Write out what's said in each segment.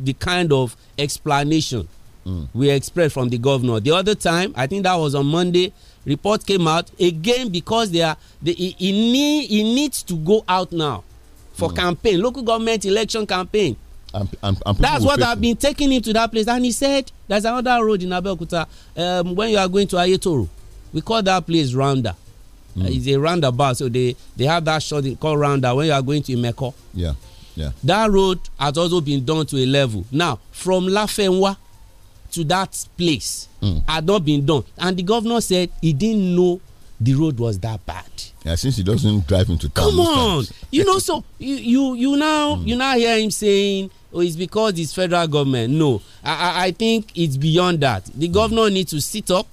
the kind of explanation mm. we express from the governor. The other time, I think that was on Monday, report came out again because they are they, he, he, need, he needs to go out now for mm. campaign, local government election campaign. That's what I've been taking him to that place. And he said, there's another road in Abeokuta um, when you are going to Ayetoro. We call that place Rounder. Mm. Uh, it's a roundabout, so they, they have that short called Rounder when you are going to Imeko. Yeah. Yeah. That road has also been done to a level. Now, from Lafenwa to that place mm. had not been done. And the governor said he didn't know the road was that bad. Yeah, since he doesn't drive into town. Come on. you know, so you you, you now mm. you now hear him saying oh, it's because it's federal government. No, I, I, I think it's beyond that. The governor mm. needs to sit up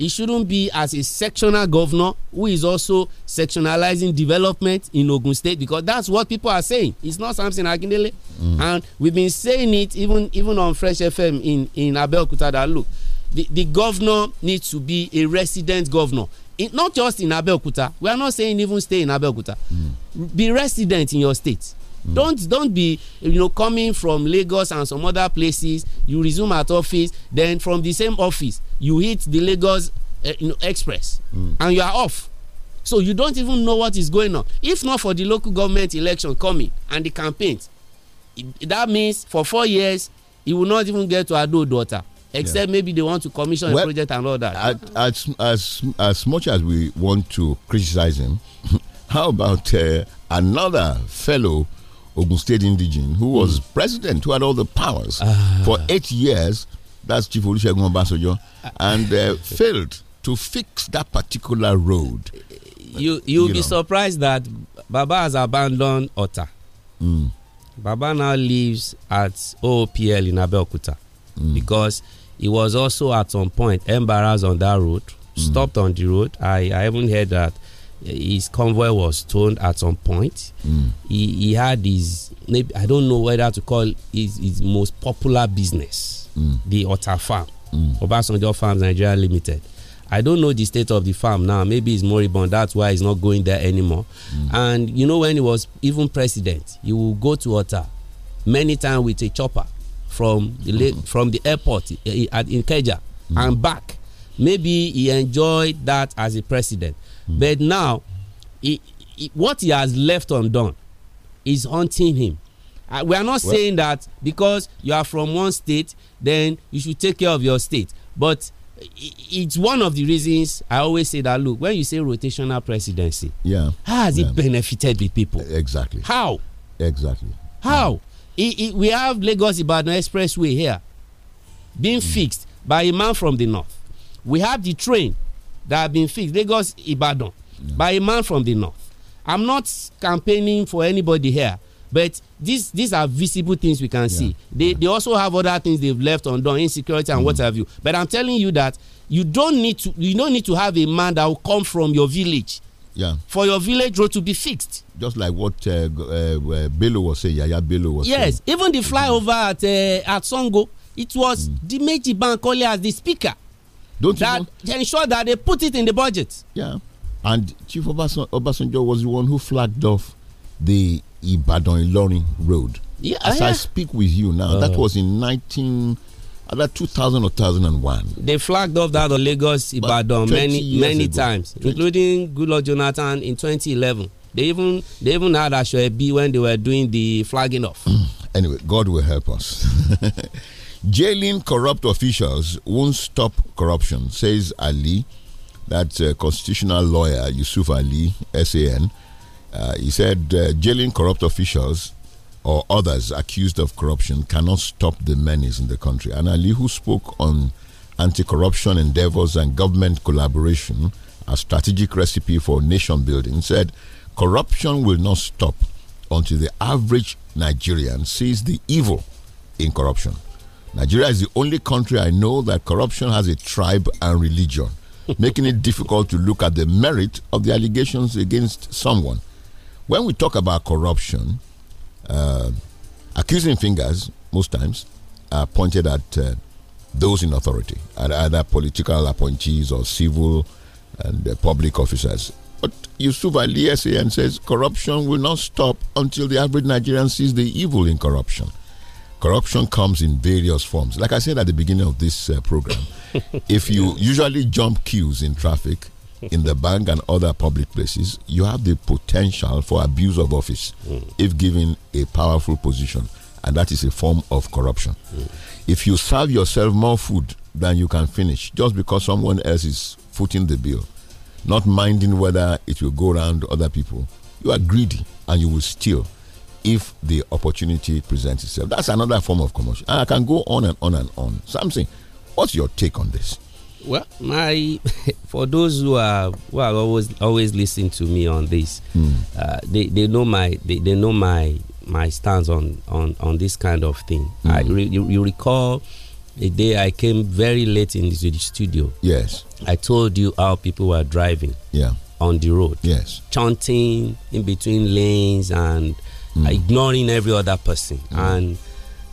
It shouldn't be as a sectional governor who is also sectionalizing development in Ogun State because that's what people are saying. It's not Samson Akindele. Mm. And we've been saying it even even on Fresh FM in, in Abeokuta that look, the, the governor needs to be a resident governor. It, not just in Abeokuta. We are not saying even stay in Abeokuta. Mm. Be resident in your state Mm. Don't don't be you know coming from Lagos and some other places. You resume at office, then from the same office you hit the Lagos uh, you know, express, mm. and you are off. So you don't even know what is going on. If not for the local government election coming and the campaigns, it, that means for four years he will not even get to Ado daughter except yeah. maybe they want to commission well, a project and all that. As, as, as much as we want to criticize him, how about uh, another fellow Ogun State indigene, who was mm. president, who had all the powers ah. for eight years. That's Chief Olusegun Obasanjo, and uh, failed to fix that particular road. You you'll you be know. surprised that Baba has abandoned Otta. Mm. Baba now lives at OPL in Abeokuta mm. because he was also at some point embarrassed on that road, mm. stopped on the road. I I haven't heard that his convoy was toned at some point. Mm. He, he had his, maybe I don't know whether to call his, his most popular business, mm. the Otter Farm, mm. Obasanjo Farms Nigeria Limited. I don't know the state of the farm now. Maybe it's moribund. That's why he's not going there anymore. Mm. And you know, when he was even president, he would go to Otter many times with a chopper from the hmm. from the airport eh, eh, in Keja hmm. and back. Maybe he enjoyed that as a president. But now, he, he, what he has left undone is haunting him. Uh, we are not well, saying that because you are from one state, then you should take care of your state. But it's one of the reasons I always say that look, when you say rotational presidency, yeah, how has yeah. it benefited the people? Exactly. How? Exactly. How? Yeah. It, it, we have Lagos Ibadan Expressway here being mm. fixed by a man from the north. We have the train that have been fixed Lagos Ibadan yeah. by a man from the north I'm not campaigning for anybody here but these these are visible things we can yeah. see they yeah. they also have other things they've left undone insecurity and mm. what have you but I'm telling you that you don't need to you don't need to have a man that will come from your village yeah. for your village road to be fixed. Just like what uh, uh, uh, Bello was saying, Yaya Bello was yes, saying. Yes, even the flyover mm -hmm. at uh, at Songo, it was mm. Dimeji Bankole as the speaker. Don't that you ensure that they put it in the budget. Yeah, and Chief Obasan, Obasanjo was the one who flagged off the Ibadan Ilorin road. Yeah, as yeah. I speak with you now, uh. that uh-huh. was in 19 either 2000 or 2001. They flagged off that of Lagos Ibadan many many ago. times, 20. including Lord Jonathan in 2011. They even they even had Ashwebi when they were doing the flagging off. anyway, God will help us. Jailing corrupt officials won't stop corruption, says Ali. that uh, constitutional lawyer Yusuf Ali, SAN. Uh, he said uh, jailing corrupt officials or others accused of corruption cannot stop the menace in the country. And Ali, who spoke on anti corruption endeavors and government collaboration, a strategic recipe for nation building, said corruption will not stop until the average Nigerian sees the evil in corruption. Nigeria is the only country I know that corruption has a tribe and religion, making it difficult to look at the merit of the allegations against someone. When we talk about corruption, uh, accusing fingers most times are pointed at uh, those in authority, at either political appointees or civil and uh, public officers. But Yusuf Ali SAN says corruption will not stop until the average Nigerian sees the evil in corruption corruption comes in various forms. Like I said at the beginning of this uh, program, if you usually jump queues in traffic, in the bank and other public places, you have the potential for abuse of office mm. if given a powerful position, and that is a form of corruption. Mm. If you serve yourself more food than you can finish just because someone else is footing the bill, not minding whether it will go around other people, you are greedy and you will steal if the opportunity presents itself. That's another form of commercial. I can go on and on and on. Something. what's your take on this? Well, my for those who are who are always always listening to me on this, mm. uh, they they know my they, they know my my stance on on on this kind of thing. Mm. I hmm. re, you, you recall the day I came very late into the studio. Yes, I told you how people were driving. Yeah, on the road. Yes, chanting in between lanes and mm. Uh, ignoring every other person. Mm. And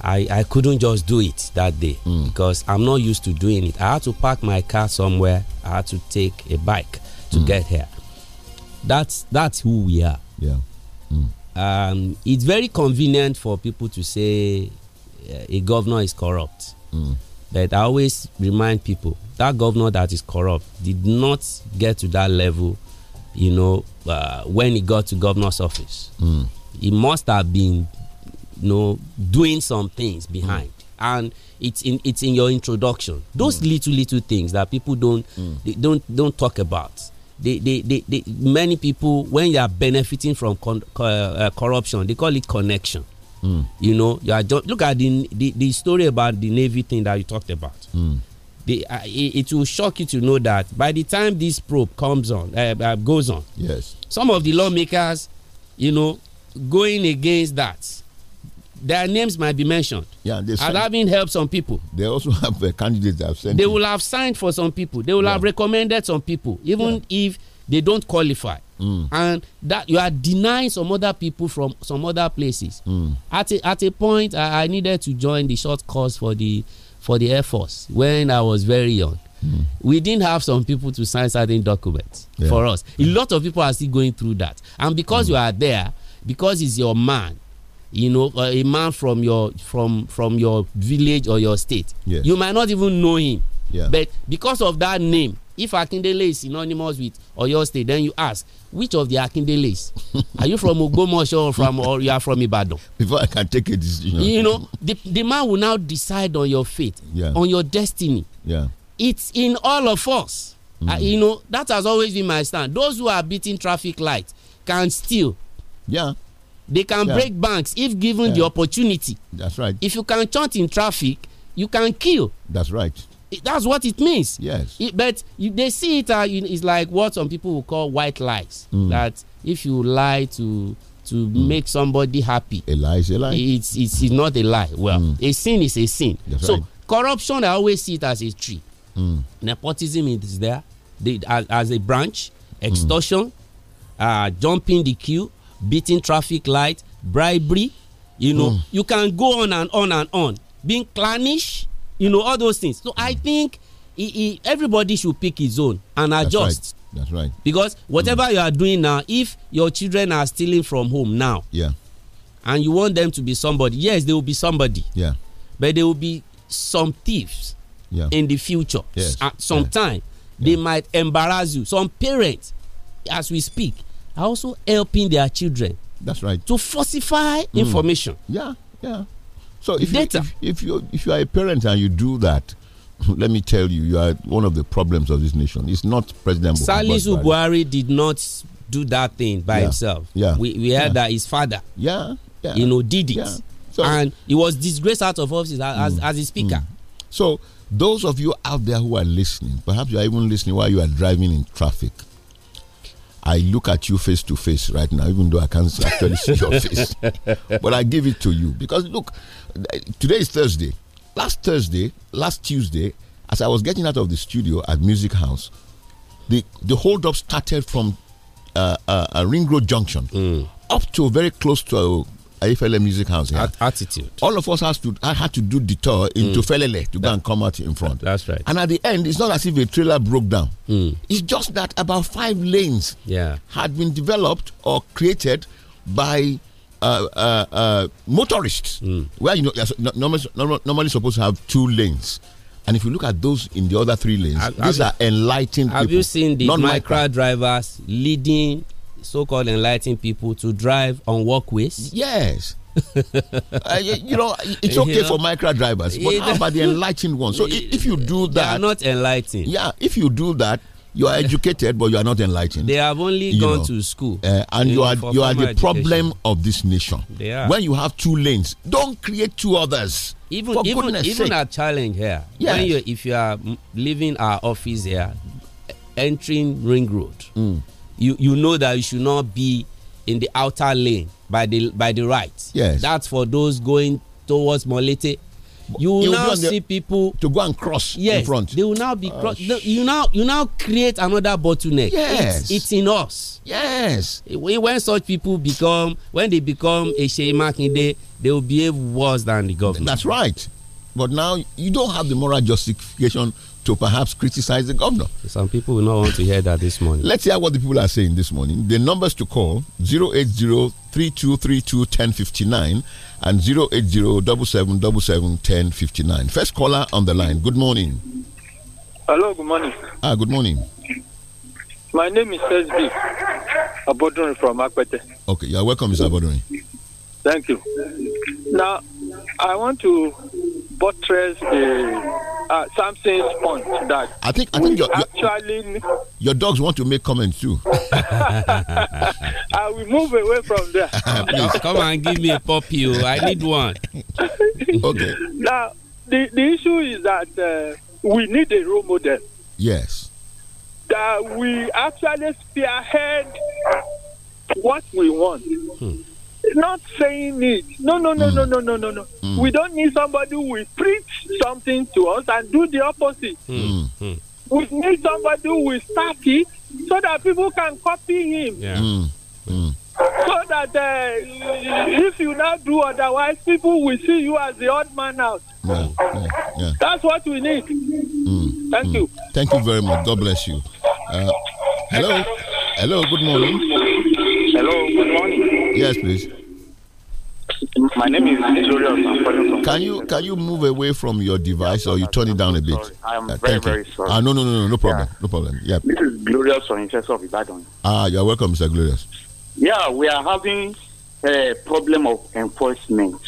I, I couldn't just do it that day mm. because I'm not used to doing it. I had to park my car somewhere. I had to take a bike to mm. get here. That's that's who we are. Yeah. Mm. Um, it's very convenient for people to say uh, a governor is corrupt. Mm. But I always remind people that governor that is corrupt did not get to that level you know, uh, when he got to governor's office. Mm he must have been you know doing some things behind mm. and it's in it's in your introduction those mm. little little things that people don't mm. don't don't talk about they, they, they, they, many people when you are benefiting from con, uh, corruption they call it connection mm. you know you are just look at the, the, the story about the navy thing that you talked about mm. they, uh, it, it, will shock you to know that by the time this probe comes on uh, uh goes on yes some of the lawmakers you know going against that their names might be mentioned. Yeah, they having helped some people. They also have uh, candidates that have sent. They will have signed for some people. They will yeah. have recommended some people, even yeah. if they don't qualify. Mm. And that you are denying some other people from some other places. Mm. At a, at a point, I, I, needed to join the short course for the for the Air Force when I was very young. Mm. We didn't have some people to sign certain documents yeah. for us. A mm. lot of people are still going through that, and because mm. you are there because he's your man you know uh, a man from your from from your village or your state yes. you might not even know him yeah. but because of that name if akindele is synonymous with oyo state then you ask which of the akindeles are you from ogbomoso or from or you are from ibadan. before i can take a decision. you know the, the man will now decide on your fate. Yeah. on your destiny. Yeah. it's in all of us. Mm. Uh, you know that has always been my stand those who are beating traffic light can steal yeah. They can yeah. break banks if given yeah. the opportunity. That's right. If you can chant in traffic, you can kill. That's right. It, that's what it means. Yes. It, but you, they see it uh, it's like what some people will call white lies. Mm. That if you lie to to mm. make somebody happy, a lie is a lie. It's it's, it's not a lie. Well, mm. a sin is a sin. That's so right. corruption, I always see it as a tree. Mm. Nepotism is there they, as, as, a branch. Mm. Extortion, uh, jumping the queue, beating traffic light, bribery. You know, mm. you can go on and on and on. Being clannish, you know, all those things. So mm. I hmm. think he, he, everybody should pick his own and adjust. That's right. That's right. Because hmm. whatever mm. you are doing now, if your children are stealing from home now, yeah, and you want them to be somebody, yes, they will be somebody. Yeah. But they will be some thieves yeah. in the future. Yes. At some yeah. time, yeah. they might embarrass you. Some parents, as we speak, are also helping their children. That's right. To falsify mm. information. Yeah, yeah. So if Data. You, if, if you if you are a parent and you do that, let me tell you, you are one of the problems of this nation. It's not President Salis Buhari did not do that thing by yeah. himself. Yeah. We, we heard yeah. that his father, yeah, yeah, you know, did it. Yeah. So, and he was disgraced out of office as, mm, as, a speaker. Mm. So, those of you out there who are listening, perhaps you are even listening while you are driving in traffic. I look at you face to face right now, even though I can't actually see your face. But I give it to you because look, today is Thursday. Last Thursday, last Tuesday, as I was getting out of the studio at Music House, the the holdup started from uh, uh, uh Ring Road Junction mm. up to very close to Ifele Music House. Yeah. Attitude. All of us has to I had to do the tour into mm. Felele to that, go and come out in front. That's right. And at the end, it's not as if a trailer broke down. Mm. It's just that about five lanes yeah. had been developed or created by uh, uh, uh, motorists. Mm. Where you know normally, normally supposed to have two lanes. And if you look at those in the other three lanes, have, these have, are enlightened. Have people, you seen the micro drivers leading so-called enlightened people to drive on walkways. Yes. uh, you, know, it's okay you know, for micro drivers, but how about the enlightened ones? So if you do that, are not enlightened. Yeah, if you do that, you are educated, but you are not enlightened. They have only gone know. to school, uh, and you are you are the education. problem of this nation. They are. When you have two lanes, don't create two others. Even for even even sake. our challenge here. Yes. When you if you are leaving our office here, entering Ring Road. Mm you you know that you should not be in the outer lane by the by the right. Yes. That's for those going towards Molete. You will now see people to go and cross yes, in front. They will now be uh, cross. you now you now create another bottleneck. Yes. It's, it's in us. Yes. When such people become when they become a Shemakinde, day they will behave worse than the government. That's right. But now you don't have the moral justification to perhaps criticize the governor. Some people will not want to hear that this morning. Let's hear what the people are saying this morning. The numbers to call 080 3232 1059 and 080 1059. First caller on the line. Good morning. Hello, good morning. Ah, good morning. My name is SB Abodun from Akwete. Okay, you're welcome, Mr. Abodun. Thank you. Now, I want to buttress the uh, Samson's point that I think I think your, actually your dogs want to make comments too. I will move away from there. Please come and give me a puppy. Oh. I need one. okay. Now the the issue is that uh, we need a role model. Yes. That we actually spearhead what we want. Hmm not saying it. No, no, no, mm. no, no, no, no, no. Mm. We don't need somebody who will preach something to us and do the opposite. Mm. mm. We need somebody who will start it so that people can copy him. Yeah. Mm. Mm. So that uh, if you not do otherwise, people will see you as the odd man out. Yeah, yeah, yeah. That's what we need. Thank you. Thank you very much. God bless you. Uh, hello. Hello. Good morning. Hello, good morning. Yes, please. My name is Julius. Can you can you move away from your device or you turn it down a bit? I'm uh, very very sorry. Ah, no no no no no problem yeah. no problem. Yeah. This is Glorious from Interest of Ibadan. Ah, you are welcome, Mr. Glorious. Yeah, we are having a problem of enforcement.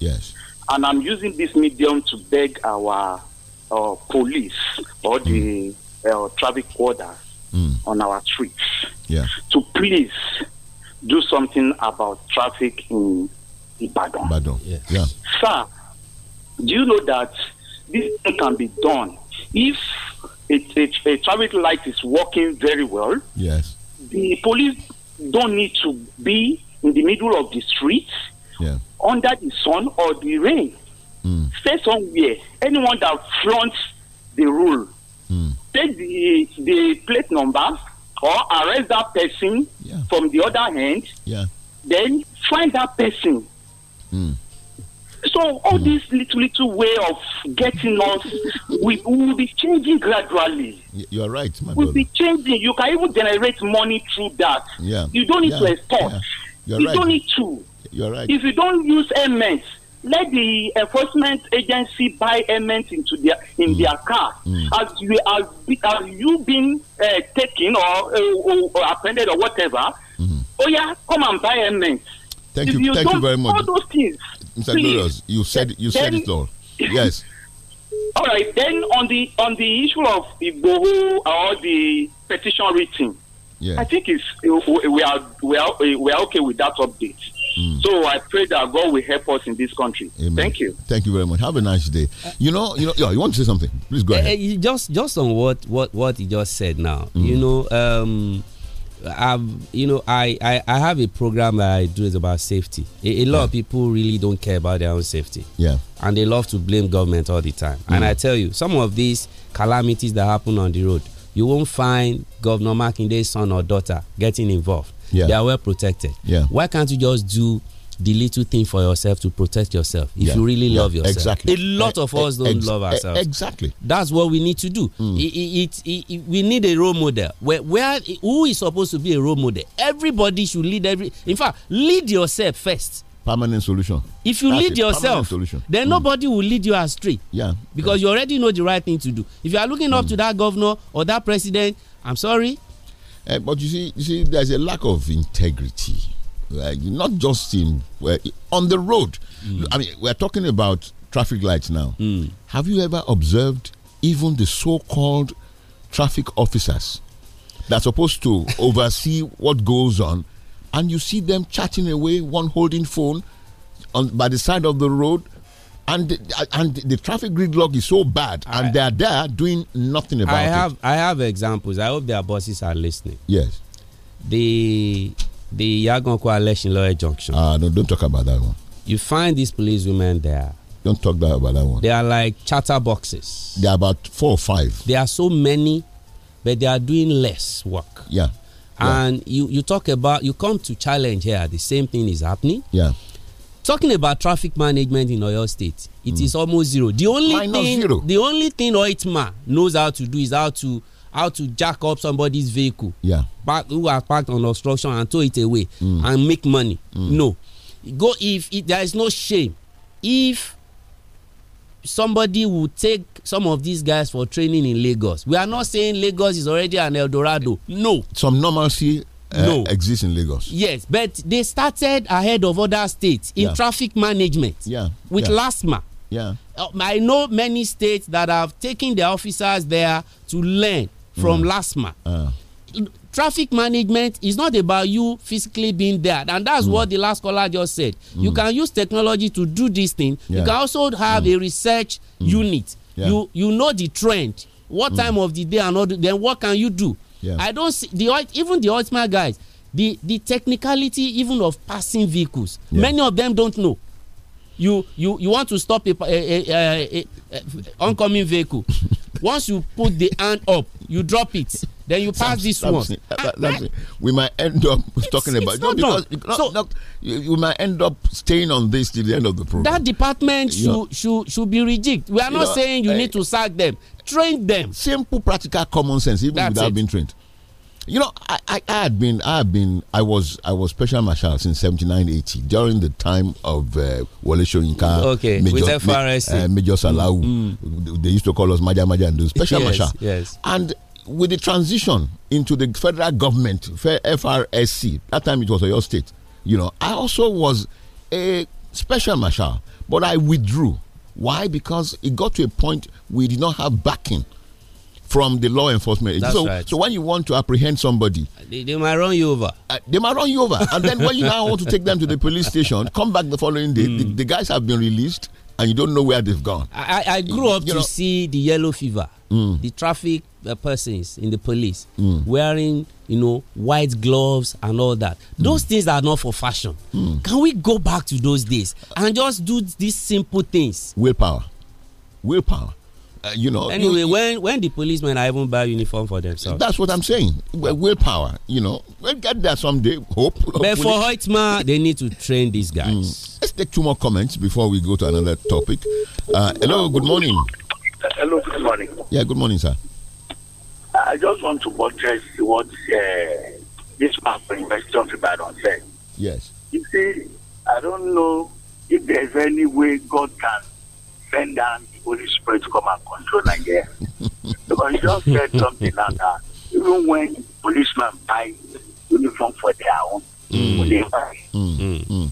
Yes. And I'm using this medium to beg our uh, police or the mm. uh, traffic warders mm. on our streets yeah. to please do something about traffic in Ibadan. Ibadan. Yeah. yeah. Sir, do you know that this can be done if it, a traffic light is working very well? Yes. The police don't need to be in the middle of the street yeah. under the sun or the rain. Mm. Stay somewhere. Anyone that flaunts the rule, mm. take the, the plate number or arrest that person yeah. from the other hand, yeah. then find that person. Mm. So all mm. this little little way of getting us, we will be changing gradually. You are right, my We'll brother. be changing. You can even generate money through that. Yeah. You don't need yeah. to export. You, you right. don't need to. You are right. If you don't use MS, let the enforcement agency buy helmets into their in mm. their car. Mm. As you as, as you been uh, taken or, uh, or, appended or whatever, mm. oh yeah, come and buy helmets. Thank if you, you thank you very much. All those things, Mr. Glorious, you said you then, said it all. Yes. all right. Then on the on the issue of Igboho or the petition written, yeah. I think it's we are we are we are okay with that update Mm. So I pray that God will help us in this country. Amen. Thank you. Thank you very much. Have a nice day. you know, you know, yeah, you want to say something? Please go eh, ahead. Uh, just, just on what what what he just said now. Mm. You know, um, I've, you know, I, I, I have a program that I do is about safety. A, a lot yeah. of people really don't care about their own safety. Yeah. And they love to blame government all the time. Mm. And I tell you, some of these calamities that happen on the road, you won't find Governor Makinde's son or daughter getting involved. Yeah. They are well protected. Yeah. Why can't you just do the little thing for yourself to protect yourself if yeah. you really love yourself? Exactly. A lot of us don't love ourselves. Exactly. That's what we need to do. Mm. It, it, it, we need a role model. Where, where who is supposed to be a role model? Everybody should lead every. In fact, lead yourself first permanent solution. If you That's lead yourself, then mm. nobody will lead you astray. Yeah. Because yeah. you already know the right thing to do. If you are looking mm. up hmm. to that governor or that president, I'm sorry, uh, but you see, you see, there's a lack of integrity, like, not just in uh, on the road. Mm. I mean, we're talking about traffic lights now. Mm. Have you ever observed even the so-called traffic officers that are supposed to oversee what goes on, and you see them chatting away, one holding phone on by the side of the road, and the, and the traffic gridlock is so bad, and they are there doing nothing about I have, it. I have examples. I hope their bosses are listening. Yes. The the Yagon Coalition Lawyer Junction. Ah, uh, no, don't talk about that one. You find these police women there. Don't talk that about that one. They are like chatter boxes. They are about four or five. There are so many, but they are doing less work. Yeah. And you you talk about you come to challenge here. The same thing is happening. Yeah talking about traffic management in Oyo State, it mm. is almost zero. The only Minus thing, zero. the only thing Oitma knows how to do is how to how to jack up somebody's vehicle, yeah, park, who are parked on obstruction and tow it away mm. and make money. Mm. No, go if, if there is no shame, if somebody would take some of these guys for training in Lagos. We are not saying Lagos is already an El Dorado. No. Some normalcy Eh, no. exist in Lagos. Yes, but they started ahead of other states in yeah. traffic management yeah. with yeah. LASMA. Yeah. Um, I know many states that have taken their officers there to learn from mm. LASMA. Uh. Traffic management is not about you physically being there, and that's mm. what the last caller just said. Mm. You can use technology to do this thing. Yeah. You can also have mm. a research mm. unit. Yeah. You you know the trend, what mm. time of the day, and all. Then what can you do? Yeah. I don't see the even the ultimate guys, the the technicality even of passing vehicles. Yeah. Many of them don't know you you you want to stop a, a, a, a oncoming vehicle once you put the hand up you drop it then you pass this one. Ah, eh? we might end up talking it's, about because done. Not, so, not, you, you, might end up staying on this till the end of the program. That department you should, know, should should be rejected. We are not know, saying you uh, need to sack them, train them. Simple, practical common sense, even without it. being trained. You know, I, I, I, had been, I had been, I was, I was special marshal since 79, 80 during the time of uh, Wale Shoyinka. Okay, Major, with Uh, Major mm. Salau. Mm, They used to call us Maja Maja and do special yes, marshal. Yes. And with the transition into the federal government, FRSC, that time it was your state. You know, I also was a special marshal, but I withdrew. Why? Because it got to a point we did not have backing from the law enforcement That's so, right. so when you want to apprehend somebody, uh, they, they might run you over. Uh, they might run you over. and then when you now want to take them to the police station, come back the following day, mm. the, hmm. the, guys have been released and you don't know where they've gone. I, I grew up you to know, see the yellow fever, mm. the traffic uh, persons in the police mm. wearing you know white gloves and all that hmm. those mm. things are not for fashion mm. can we go back to those days and just do these simple things willpower willpower uh, you know. Anyway, you, when when the policemen are even buy uniform for themselves. That's what I'm saying. Willpower, you know. We'll get there someday. Hope. Hopefully. But for Hoitma, they need to train these guys. Mm. Let's take two more comments before we go to another topic. Uh, hello. Good morning. Uh, hello. Good morning. Yeah. Good morning, sir. I just want to buttress what uh, this man investor University of Ibadan said. Yes. You see, I don't know if there's any way God can send down Holy Spirit to come and control Nigeria. because you just said something like that even when policemen buy uniform for their own, mm. they buy. Mm. mm. Mm.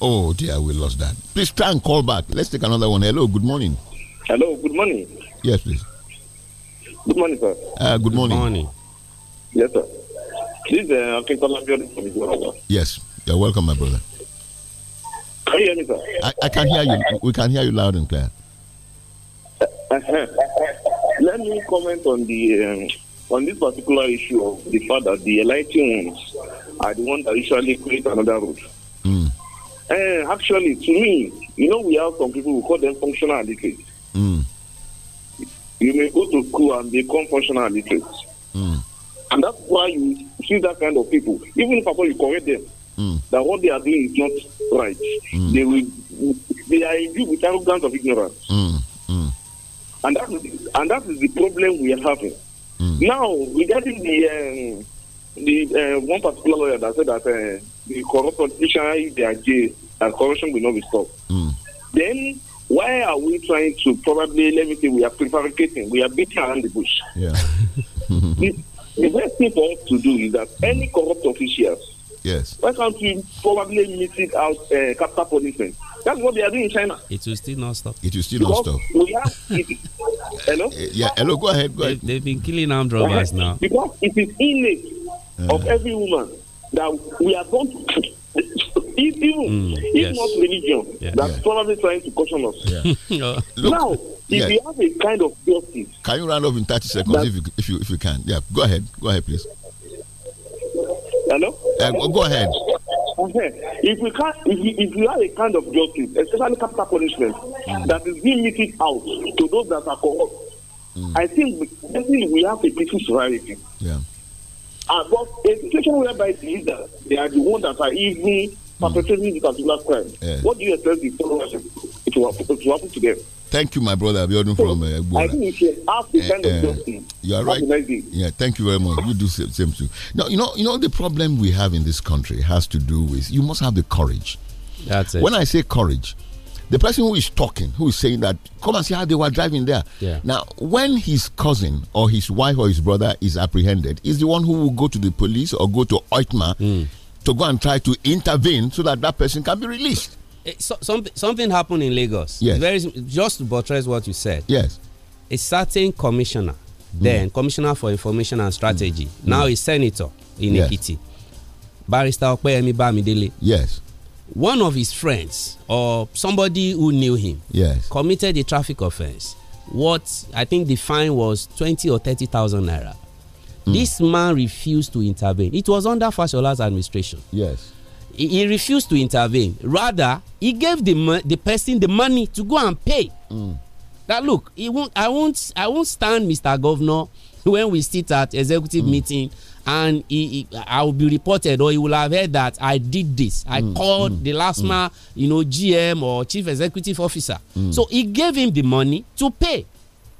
Oh dear, we lost that. Please try and call back. Let's take another one. Hello, good morning. Hello, good morning. Yes, please. Good morning, sir. Uh, good, good morning. morning. Yes, sir. can call uh, Akintola Yes, you're welcome, my brother. Can you hear me, I, I can hear you. We can hear you loud and clear. Let me comment on the um, on this particular issue of the fact that the enlightened ones are the ones that usually create another road. Mm. Uh, eh, actually, to me, you know, we have some people who call them functional addicts. Mm. You may go to school and become functional addicts. Mm. And that's why you see that kind of people. Even if you correct them, that what they are doing is not right. Mm. They will they are imbued with arrogance of ignorance. Mm, mm. And that is, and that is the problem we are having. Mm. Now regarding the um, the uh, one particular lawyer that said that uh, the corrupt officials they are gay and corruption will not be stopped. Mm. Then why are we trying to probably let me say we are prevaricating, we are beating around the bush? Yeah. the, the best thing for us to do is that any corrupt officials Yes. Why can't we probably meet it out uh, capital policing? That's what they are doing in China. It will still not stop. It will still because not stop. We have, hello? Eh, yeah, hello, go ahead. Go ahead. They, have been killing armed robbers now. Because it is innate uh. of every woman that we are going to. even mm, if yes. not religion, yeah. that's yeah. probably trying to caution us. Yeah. Look, now, if you have a kind of justice, can you run up in thirty seconds if you, if you if you can? Yeah, go ahead, go ahead, please. Hello. Uh, go ahead. If we can if we, if we have a kind of justice, especially capital punishment, mm. that is being meted out to those that are corrupt, mm. I think we, we have a peaceful society. Yeah. Uh, but a situation whereby the leaders, they are the ones that are even hmm. perpetrating mm. this particular crime. Yeah. What do you expect the followers to happen to them? Thank you, my brother from uh, I think you should ask the kind of eh, eh, You are right. Yeah, thank you very much. You do same, same too. Now, you know, you know, the problem we have in this country has to do with you must have the courage. That's it. When I say courage, the person who is talking, who is saying that, come and see how they were driving there. Yeah. Now, when his cousin or his wife or his brother is apprehended, is the one who will go to the police or go to OITMA mm. to go and try to intervene so that that person can be released. Eh, so, something something happened in Lagos. Yes. Very, just to buttress what you said. Yes. A certain commissioner, mm. then commissioner for information and strategy, mm. now mm. a senator in yes. Ekiti, barrister Opeyemi Bamidele. Yes. One of his friends or somebody who knew him. Yes. Committed a traffic offense. What I think the fine was twenty or thirty thousand naira. Mm. This man refused to intervene. It was under Fashola's administration. Yes he, he refused to intervene. Rather, he gave the the person the money to go and pay. Mm. That look, he won't. I won't. I won't stand, Mr. Governor, when we sit at executive mm. meeting and he, he, I will be reported or he will have heard that I did this. I mm, called mm, the last mm. man, you know, GM or chief executive officer. Mm. So he gave him the money to pay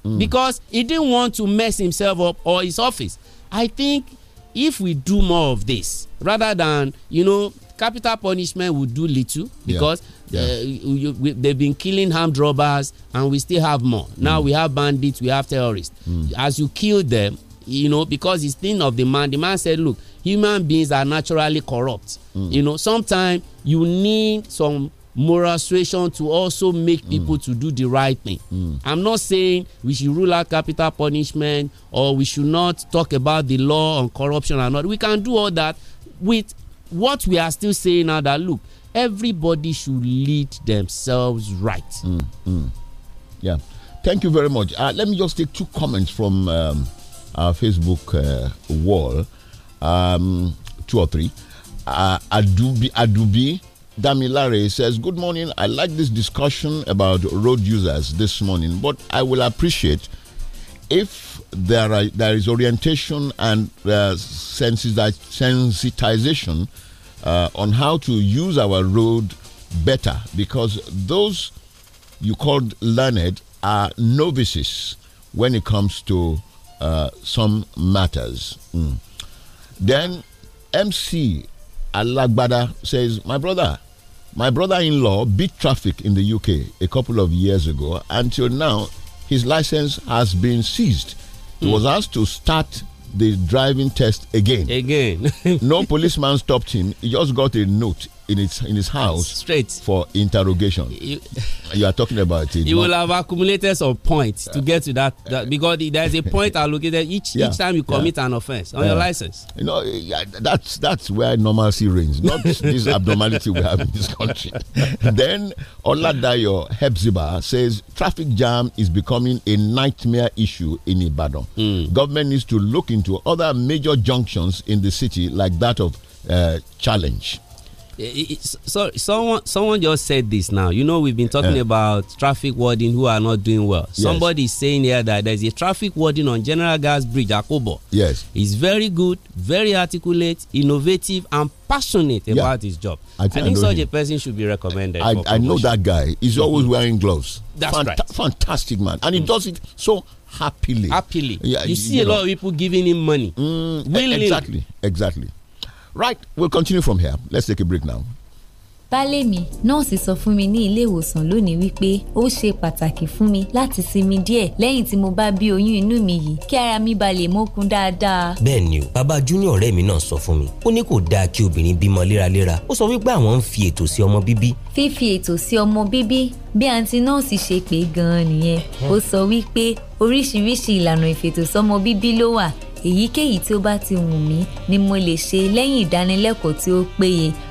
mm. because he didn't want to mess himself up or his office. I think if we do more of this rather than, you know, capital punishment would do little because yeah. Yeah. Uh, you, we, they've been killing armed robbers and we still have more. Now mm. we have bandits, we have terrorists. Mm. As you kill them, you know, because it's thing of the man. The man said, look, human beings are naturally corrupt. Mm. You know, sometimes you need some moral suasion to also make mm. people to do the right thing. Mm. I'm not saying we should rule out capital punishment or we should not talk about the law on corruption or not. We can do all that with what we are still saying now that look, everybody should lead themselves right. Mm, mm. Yeah. Thank you very much. Uh, let me just take two comments from um, our Facebook uh, wall, um, two or three. Uh, Adubi, Adubi Damilare says, Good morning. I like this discussion about road users this morning, but I will appreciate if there are there is orientation and uh, sensitization uh, on how to use our road better, because those you called learned are novices when it comes to uh, some matters. Mm. Then MC Alagbada says, "My brother." My brother in law beat traffic in the UK a couple of years ago. Until now, his license has been seized. Mm. He hmm. was asked to start the driving test again. Again. no policeman stopped him. He just got a note in his in his house straight for interrogation. You, you are talking about it. You will have accumulated some points to get to that, that because there's a point allocated each yeah, each time you commit yeah. an offense on your license. You know that's that's where normalcy reigns, not this abnormality we have in this country. then Oladayo Hepzibah says traffic jam is becoming a nightmare issue in Ibadan. Mm. Government needs to look into other major junctions in the city like that of uh, Challenge so someone someone just said this now. You know, we've been talking yeah. about traffic warding who are not doing well. Yes. Somebody is saying here that there's a traffic warding on General Gas Bridge, Akobo. Yes, he's very good, very articulate, innovative, and passionate yeah. about his job. I, think, I think I such him. a person should be recommended. I, I know that guy. He's mm-hmm. always wearing gloves. That's Fant right. Fantastic man, and he mm. does it so happily. Happily. Yeah, you, see you a know. lot of people giving him money. Mm, exactly. Exactly Right, we'll continue from here. Let's take a break now. baálé mi nọ́ọ̀sì sọ fún mi ní ilé ìwòsàn lónìí wípé ó ṣe pàtàkì fún mi láti sinmi díẹ̀ lẹ́yìn tí mo bá bí oyún inú mi yìí kí ara mi ba lè mókun dáadáa. bẹ́ẹ̀ ni o bàbá junior ọ̀rẹ́ mi náà sọ fún mi ó ní kò dáa kí obìnrin bímọ léraléra ó sọ wípé àwọn ń fi ètò sí ọmọ bíbí. fífi ètò sí ọmọ bíbí bí àǹtí nọ́ọ̀sì ṣe pé gan-an nìyẹn ó sọ wípé oríṣiríṣi ìlànà ìfètòsọ́mọ bíbí ló wà èyíkéyìí tí ó bá ti wù mí ni mo lè ṣe lẹ́yìn ìdánilẹ́kọ̀ọ́ tí ó péye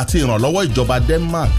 àti ìrànlọ́wọ́ ìjọba Denmark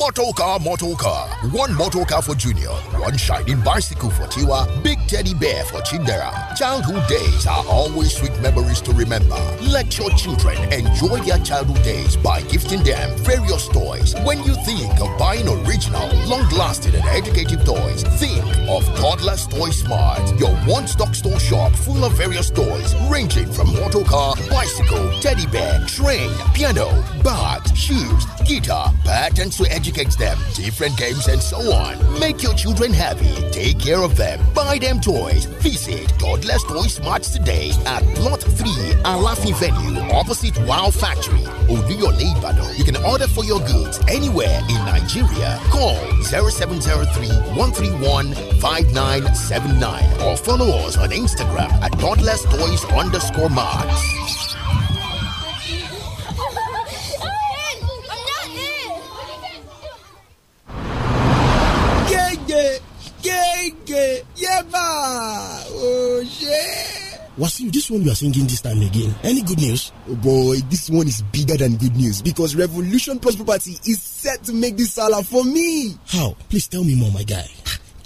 Motor car, motor car. One motor car for Junior, one shining bicycle for Tiwa, big teddy bear for Chindera. Childhood days are always sweet memories to remember. Let your children enjoy their childhood days by gifting them various toys. When you think of buying original, long lasting, and educative toys, think of Toddler's Toy Smart, your one stop store shop full of various toys ranging from motor car, bicycle, teddy bear, train, piano, bags, shoes, guitar, pet, and so educates them, different games, and so on. Make your children happy. Take care of them. Buy them toys. Visit Godless Toy Smarts today at Plot 3 Alafi Venue, opposite Wow Factory, Oluyole, Ibadan. You can order for your goods anywhere in Nigeria. Call 0703 131 5979 or follow us on Instagram at Godless Toys underscore Marks. yege yege yeba oye. Wasiu, this one you are singing this time again. Any good news? Oh boy, this one is bigger than good news because Revolution Plus Property is set to make this salah for me. How? Please tell me more, my guy.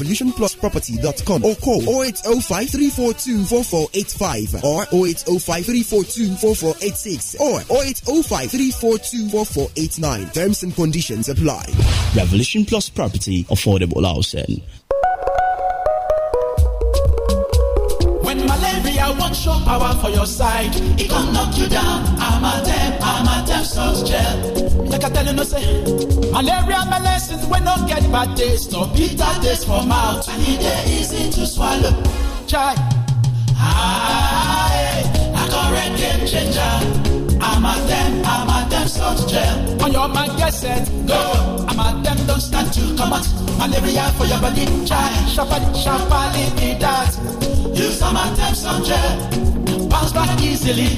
revolutionplusproperty.com or call 0805 342 4485 or 0805 342 4486 or 0805 342 4489. Terms and conditions apply. Revolution Plus Property Affordable Housing. show power for your side. It can knock you down. I'm a dem. I'm a dem such gel. Me I tell you no say. Malaria medicines we no get bad taste No bitter taste for mouth. And it easy to swallow. Chai. I a correct game changer. I'm a dem. I'm resort gel. On your mind, get set, go. I'm at them, don't start to come out. Malaria for your body, try. Sharply, sharply, need that. Use some attempts on gel. Bounce back easily.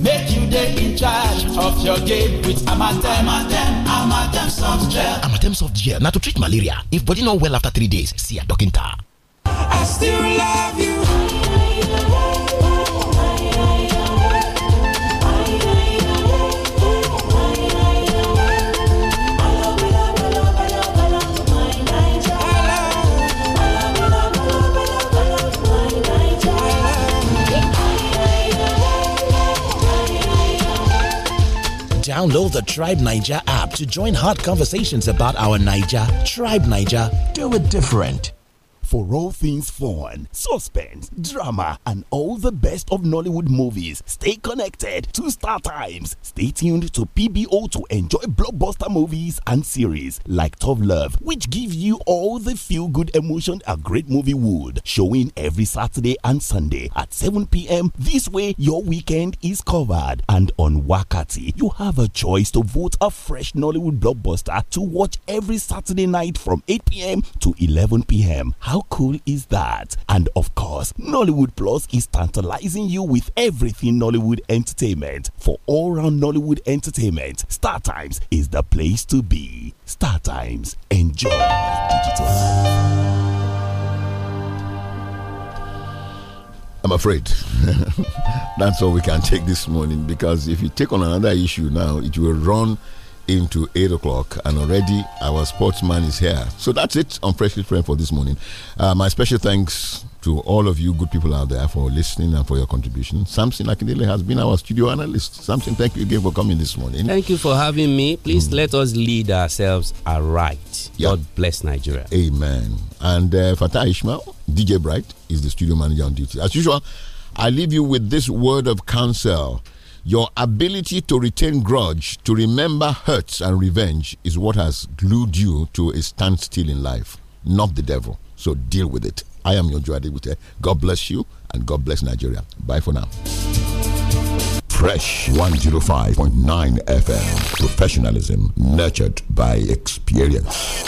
Make you day in charge of your game with Amatem. Amatem, Amatem soft gel. Amatem soft gel, now to treat malaria. If body not well after three days, see a doctor. I still love you. download the Tribe Niger app to join hot conversations about our Niger. Tribe Niger, do it different for all things fun, suspense, drama, and all the best of Nollywood movies. Stay connected to Star Times. Stay tuned to PBO to enjoy blockbuster movies and series like Tough Love, which give you all the feel good emotion a great movie would. Showing every Saturday and Sunday at 7 p.m. This way, your weekend is covered. And on Wakati, you have a choice to vote a fresh Nollywood blockbuster to watch every Saturday night from 8 p.m. to 11 p.m. How how cool is that? And of course, Nollywood Plus is tantalizing you with everything Nollywood entertainment. For all round Nollywood entertainment, Star Times is the place to be. Star Times, enjoy digital. I'm afraid that's all we can take this morning because if you take on another issue now, it will run into 8 o'clock, and already our sportsman is here. So that's it on Freshly Friend for this morning. Uh, my special thanks to all of you good people out there for listening and for your contribution. Samson Akindele has been our studio analyst. Samson, thank you again for coming this morning. Thank you for having me. Please mm. let us lead ourselves aright. Yeah. God bless Nigeria. Amen. And uh, Fatah Ishmael, DJ Bright, is the studio manager on duty. As usual, I leave you with this word of counsel. Your ability to retain grudge, to remember hurts and revenge is what has glued you to a standstill in life, not the devil. So deal with it. I am Joy Adibute. God bless you and God bless Nigeria. Bye for now. Fresh 105.9 FM. Professionalism nurtured by experience.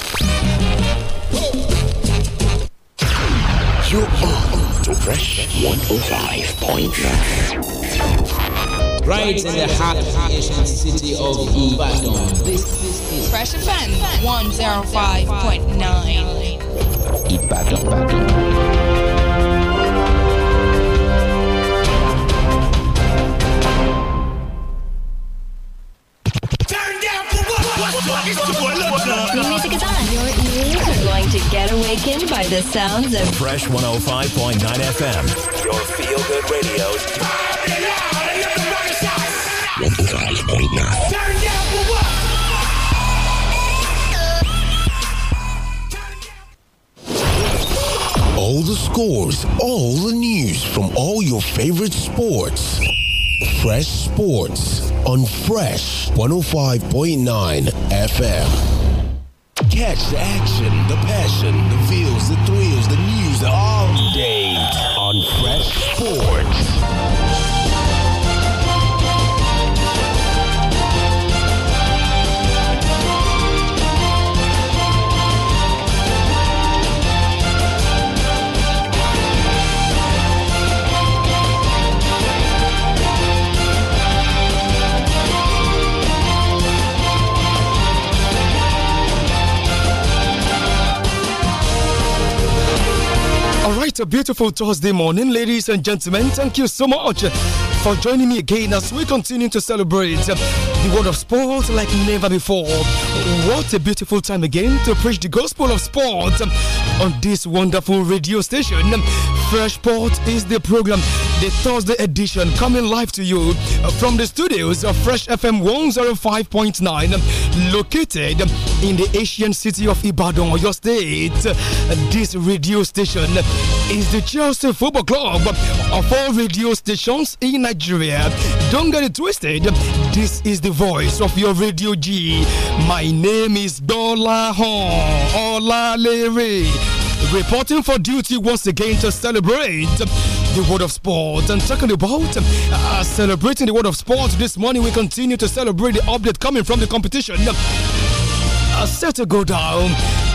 You are on Fresh 105.9 right in the heart of the city of Ibadan. This, is Fresh and Fun 105.9 Ibadan. Ibadan. The music is on. Your ears are going to get awakened by the sounds of Fresh 105.9 FM. Your feel good radio. All the scores, all the news from all your favorite sports. Fresh Sports on Fresh 105.9 FM. Catch the action, the passion, the feels, the thrills, the news all day on Fresh Sports. All right, a beautiful Thursday morning, ladies and gentlemen. Thank you so much for joining me again as we continue to celebrate the world of sport like never before. What a beautiful time again to preach the gospel of sport on this wonderful radio station. Fresh Sport is the program the Thursday edition coming live to you from the studios of Fresh FM 105.9, located in the Asian city of Ibadan, Oyo State. This radio station is the Chelsea Football Club of all radio stations in Nigeria. Don't get it twisted. This is the voice of your radio G. My name is Dola Hon Olalere, reporting for duty once again to celebrate the world of sport. And talking about um, uh, celebrating the world of sport this morning, we continue to celebrate the update coming from the competition. I uh, set to go down.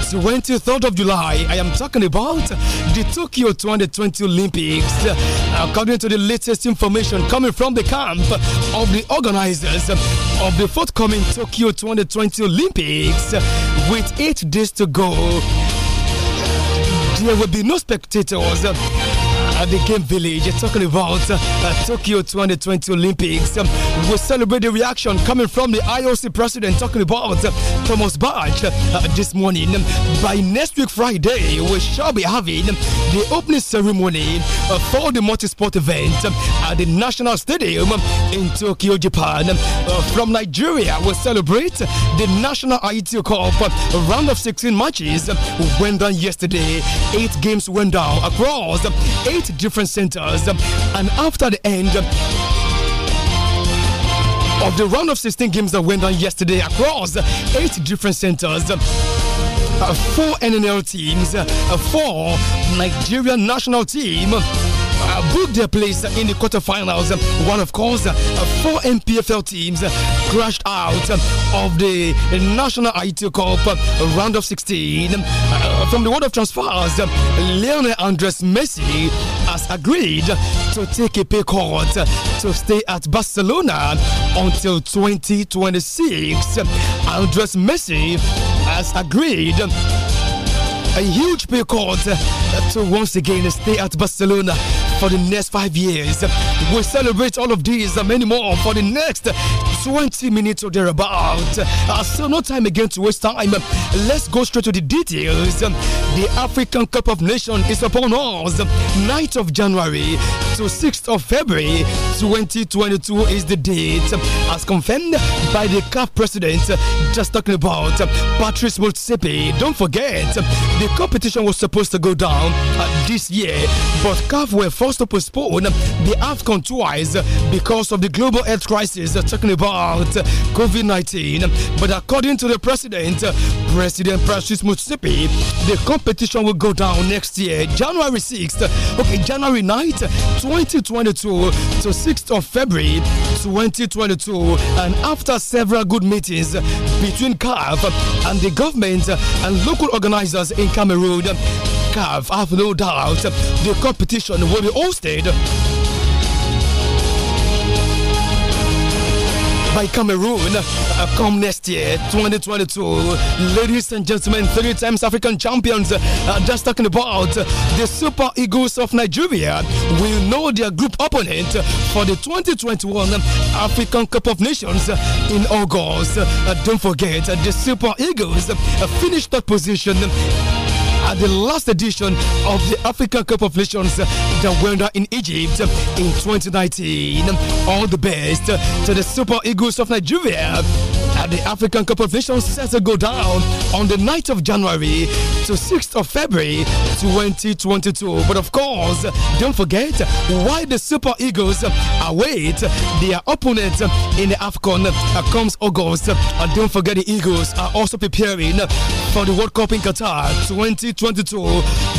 23rd of July, I am talking about the Tokyo 2020 Olympics. Uh, according to the latest information coming from the camp of the organizers of the forthcoming Tokyo 2020 Olympics, with eight days to go, there will be no spectators at the Game Village. Talking about uh, Tokyo 2020 Olympics. Um, we'll celebrate the reaction coming from the IOC president talking about uh, Thomas Bach uh, this morning. Um, by next week, Friday, we shall be having um, the opening ceremony uh, for the multi-sport event um, at the National Stadium in Tokyo, Japan. Uh, from Nigeria, we'll celebrate the National ITO Cup round of 16 matches went down yesterday. Eight games went down across eight eight different centers. And after the end, of the round of 16 games that went on yesterday across eight different centers. Uh, four NNL teams, uh, four Nigerian national team. Uh, booked their place in the quarterfinals One of course, uh, four MPFL teams crashed out of the National ITO Cup round of 16. Uh, from the world of transfers, Lionel Andres Messi has agreed to take a pay cut to stay at Barcelona until 2026. Andres Messi has agreed a huge pay cut to once again stay at Barcelona for the next five years. We celebrate all of these and many more for the next 20 minutes or thereabout. Uh, so, no time again to waste time. Let's go straight to the details. The African Cup of Nations is upon us. 9th of January to 6th of February 2022 is the date, as confirmed by the CAF president. Just talking about Patrice Motsepe. Don't forget, the competition was supposed to go down uh, this year, but CAF were forced to postpone the AFCON twice because of the global health crisis, talking about COVID 19. But according to the president, President Francis Mutsipi, the competition will go down next year, January 6th, okay, January 9th, 2022 to 6th of February 2022. And after several good meetings between CAF and the government and local organizers in Cameroon, CAF, I have no doubt, the competition will be hosted by Cameroon uh, come next year, 2022. Ladies and gentlemen, three times African champions, uh, just talking about the Super Eagles of Nigeria, will know their group opponent for the 2021 African Cup of Nations in August. Uh, don't forget, uh, the Super Eagles uh, finished third position at the last edition of the Africa Cup of Nations that went on in Egypt in 2019. All the best to the Super Eagles of Nigeria at the African Cup of Nations set to go down on the 9th of January to 6th of February 2022. But of course, don't forget why the Super Eagles await their opponent in the AFCON comes August. And don't forget the Eagles are also preparing for the World Cup in Qatar 2022.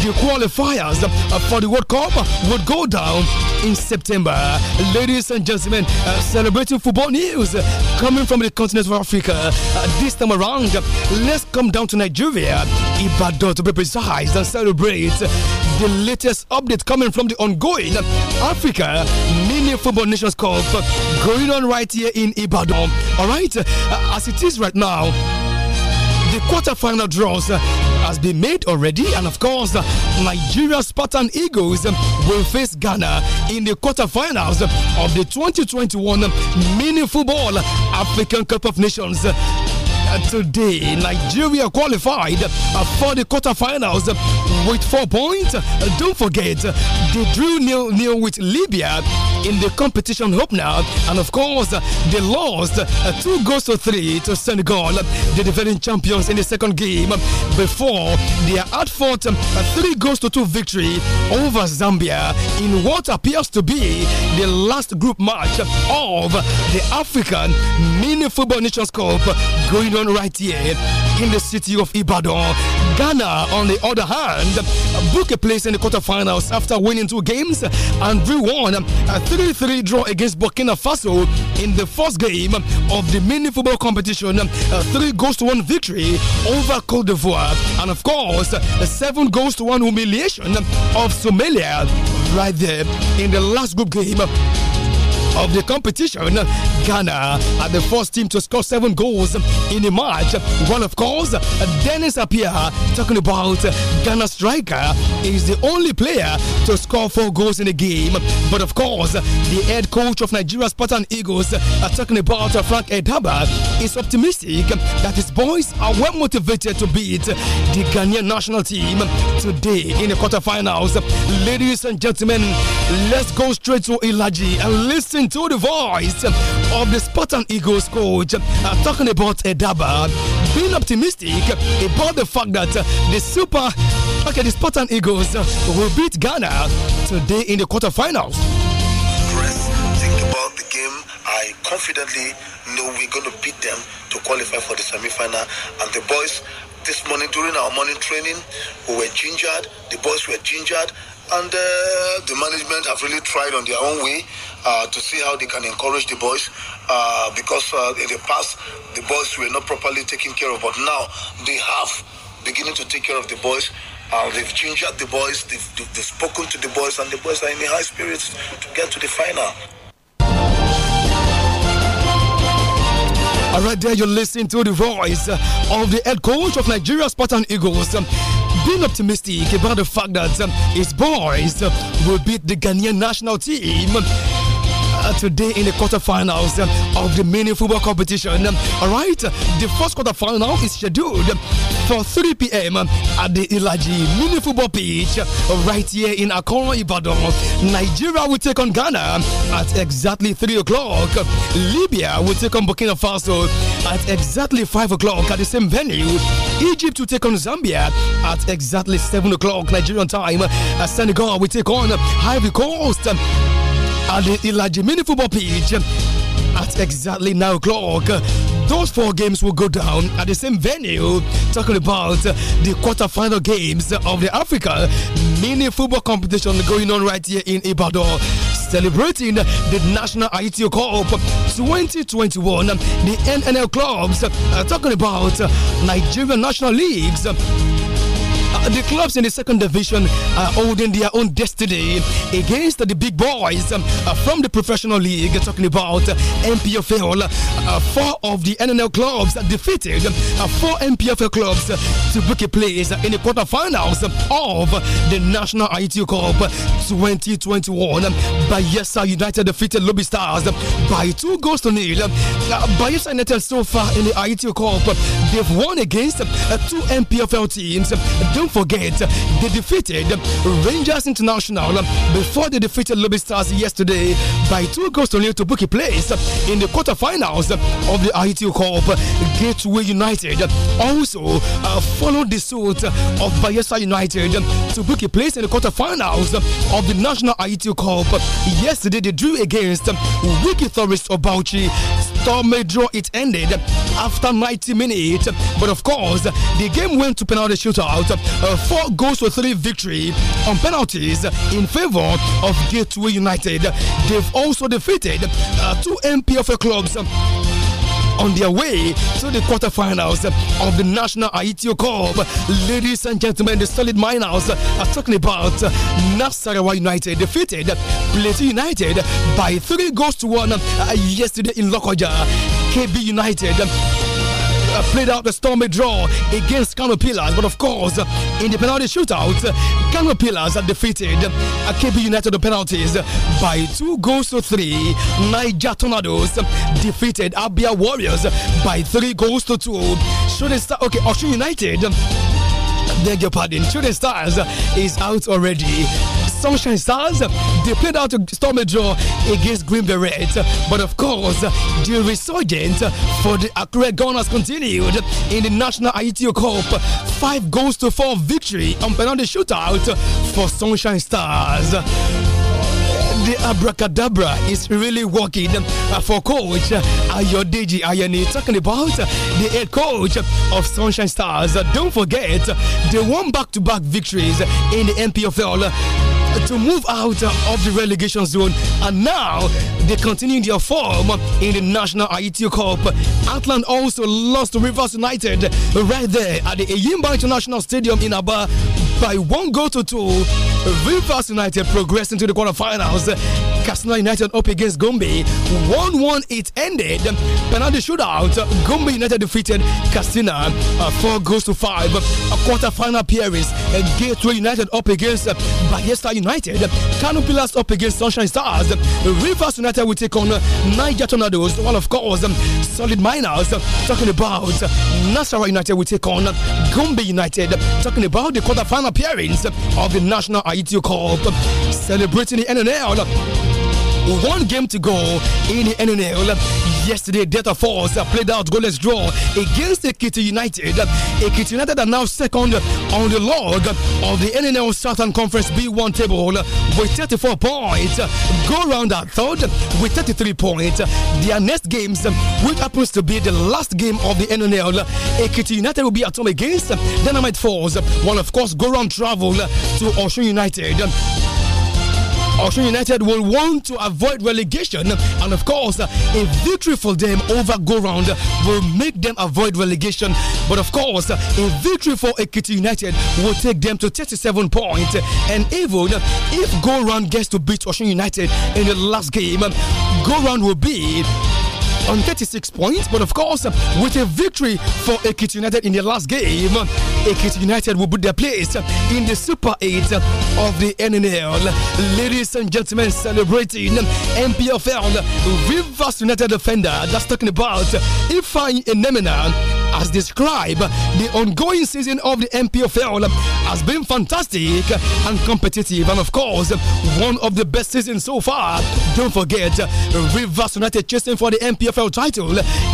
The qualifiers for the World Cup would go down in September. Ladies and gentlemen, uh, celebrating football news coming from the continent of Africa. Uh, this time around, let's come down to Nigeria, Ibadan to be precise, and celebrate the latest update coming from the ongoing Africa Mini Football Nations Cup going on right here in Ibadan. All right, uh, as it is right now quarterfinal draws uh, has been made already, and of course, uh, Nigeria's Spartan Eagles uh, will face Ghana in the quarterfinals of the 2021 Mini Football African Cup of Nations today. Nigeria qualified for the quarterfinals with four points. Don't forget, they drew nil nil with Libya in the competition hope now, and of course, they lost two goals to three to Senegal, the defending champions in the second game before their hard fought three goals to two victory over Zambia in what appears to be the last group match of the African Mini Football Nations Cup going right here in the city of Ibadan. Ghana, on the other hand, book a place in the quarterfinals after winning two games and drew one a 3 3 draw against Burkina Faso in the first game of the mini football competition. A three goals to one victory over Cote d'Ivoire, and of course, seven goals to one humiliation of Somalia right there in the last group game of the competition. Ghana are the first team to score seven goals in the match. One, of course, Dennis Apia talking about Ghana striker, is the only player to score four goals in the game. But of course, the head coach of Nigeria's Spartan Eagles, talking about Frank Edaba, is optimistic that his boys are well motivated to beat the Ghanaian national team today in the quarterfinals. Ladies and gentlemen, let's go straight to Ilaji and listen to the voice of the Spartan Eagles coach uh, talking about Edaba being optimistic about the fact that uh, the Super, okay, the Spartan Eagles uh, will beat Ghana today in the quarterfinals. Chris, think about the game. I confidently know we're going to beat them to qualify for the semi-final. And the boys, this morning during our morning training, we were gingered. The boys were gingered and uh, the management have really tried on their own way uh, to see how they can encourage the boys uh, because uh, in the past the boys were not properly taken care of, but now they have beginning to take care of the boys. they've changed the boys, they've, they've spoken to the boys, and the boys are in the high spirits to get to the final. All right, there you're listening to the voice of the head coach of Nigeria Spartan Eagles being optimistic about the fact that um, his boys will beat the Ghanaian national team uh, today in the quarterfinals uh, of the mini football competition. all right, the first quarterfinal is scheduled for 3 p.m. at the Ilaji mini football pitch uh, right here in Akron, Ibadan. Nigeria will take on Ghana at exactly 3 o'clock. Libya will take on Burkina Faso at exactly 5 o'clock at the same venue. Egypt will take on Zambia at exactly 7 o'clock Nigerian time. Senegal will take on Ivory Coast at the Ilaji Mini Football Pitch um, at exactly 9 o'clock. Uh, those four games will go down at the same venue, talking about uh, the quarter-final games of the Africa Mini Football Competition going on right here in Ibadan celebrating the National ITO Cup 2021. The NNL clubs are talking about uh, Nigerian National Leagues uh, the clubs in the second division are holding their own destiny against the big boys um, uh, from the professional league. Talking about uh, MPFL, uh, four of the NNL clubs defeated uh, four MPFL clubs to book a place in the quarterfinals of the National ITU Cup 2021. Um, Bayelsa United defeated Lobby Stars by two goals to nil. Um, uh, Bayelsa United so far in the ITU Cup, they've won against uh, two MPFL teams. They don't forget, they defeated Rangers International before they defeated Lobby Stars yesterday by two goals to nil to book a place in the quarterfinals of the ITU Cup. Gateway United also uh, followed the suit of Bayelsa United to book a place in the quarterfinals of the National ITU Cup. Yesterday, they drew against Wiki Tourist of Storm Stormy draw it ended after 90 minutes, but of course, the game went to penalty shootout a uh, four goals to three victory on penalties in favour of Gateway United. They've also defeated uh, two MPFA clubs on their way to the quarterfinals of the National Aitio Cup. Ladies and gentlemen, the solid miners are talking about Nasarawa United defeated Plateau United by three goals to one uh, yesterday in Lokoja. KB United uh, played out the stormy draw against Kano Pillars. But of course, in the penalty shootout, Kano Pillars defeated uh, KB United the penalties by two goals to three. Niger Tornadoes defeated Abia Warriors by three goals to two. Shooting Star, okay, Ocean United. Beg your pardon, Shooting Stars is out already. Sunshine Stars. They played out a stormy draw against Green Reds, But of course, the resurgence for the Accra Gunners continued in the National ITO Cup. Five goals to four victory on penalty shootout for Sunshine Stars the abracadabra is really working for coach Ayodeji Ayani talking about the head coach of Sunshine Stars. Don't forget they won back-to-back -back victories in the MPFL to move out of the relegation zone. And now they continue their form in the National Aitio Cup. Atlant also lost to Rivers United right there at the Eyimba International Stadium in Aba by one goal to two. Rivers United progressing to the quarterfinals. Casino United up against Gombe. 1 1 it ended. Penalty shootout. Gombe United defeated Castina. Uh, 4 goals to 5. A quarterfinal appearance. Gateway United up against uh, Bayesta United. United. Kano Pillars up against Sunshine Stars. Rivers United will take on Niger Tornadoes. Well, of course, um, Solid Miners. Talking about Nasarawa United will take on Gombe United. Talking about the quarterfinal appearance of the National ITU Cup. Celebrating the NNL. One game to go in the NNL. Yesterday, Delta Force played out goalless draw against Ekiti United. Ekiti United are now second on the log of the NNL Southern Conference B1 table with 34 points. Go round at third with 33 points. Their next games, which happens to be the last game of the NNL, Ekiti United will be at home against Dynamite Force. One, of course, go round travel to Ocean United. Osun United will want to avoid relegation, and of course, a victory for them over go round will make them avoid relegation. But of course, a victory for Ekiti United will take them to 37 points. And even if go round gets to beat Osun United in the last game, go round will be on 36 points. But of course, with a victory for Ekiti United in the last game, Ekiti United will put their place in the Super 8 of the NNL. Ladies and gentlemen, celebrating MPFL Rivers United defender. That's talking about Ifan Enemina. has described the ongoing season of the MPFL has been fantastic and competitive, and of course, one of the best seasons so far. Don't forget, Rivers United chasing for the MPFL title.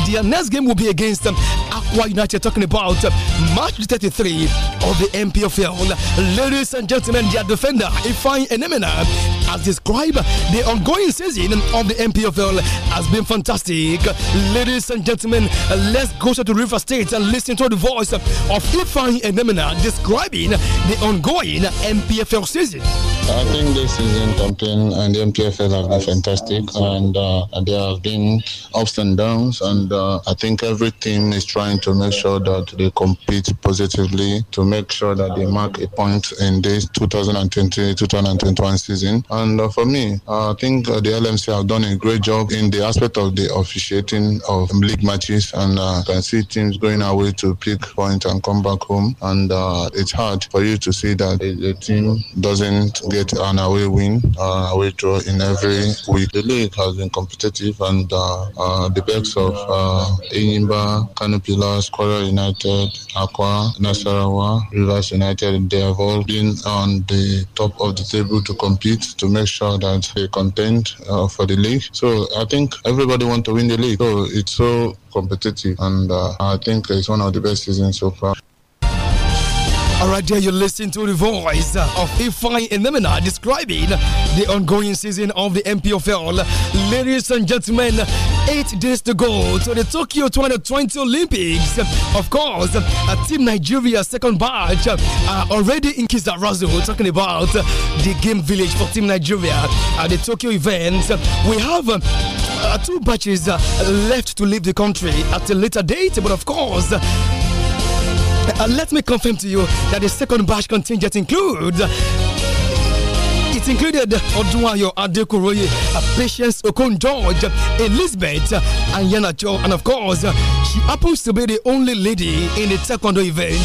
Their next game will be against Aqua United, talking about March 33 of the MPFL. Ladies and gentlemen, their defender, Ifeanyi Enemena, has described the ongoing season of the MPFL has been fantastic. Ladies and gentlemen, let's go to the River State and listen to the voice of Ifan Enemina describing the ongoing MPFL season. I think this season campaign and the MPFL have been fantastic and uh, there have been ups and downs and uh, I think every team is trying to make sure that they compete positively to make sure that they mark a point in this 2020-2021 season. And uh, for me, I think uh, the LMC have done a great job in the aspect of the officiating of league matches and uh, can see teams going away to pick point and come back home, and uh, it's hard for you to see that the team doesn't get an away win, uh, away draw in every week. The league has been competitive, and uh, uh, the backs of uh, Inimba, Canopilas, United, Aqua, Nasarawa, Rivers United, they have all been on the top of the table to compete to make sure that they contend uh, for the league. So I think everybody wants to win the league. So it's so competitive, and I think think it's one of the best seasons so far. Alright, there you listen to the voice of and Emena describing the ongoing season of the MPFL. Ladies and gentlemen, eight days to go to the Tokyo 2020 Olympics. Of course, Team Nigeria second batch are already in Kizarazu talking about the game village for Team Nigeria at the Tokyo event. We have uh, two batches uh, left to leave the country at a later date, but of course, uh, let me confirm to you that the second batch contingent includes it included Odunayo Adekoroye, Patience Okon George, Elizabeth Anyanacho, and of course, she happens to be the only lady in the taekwondo event.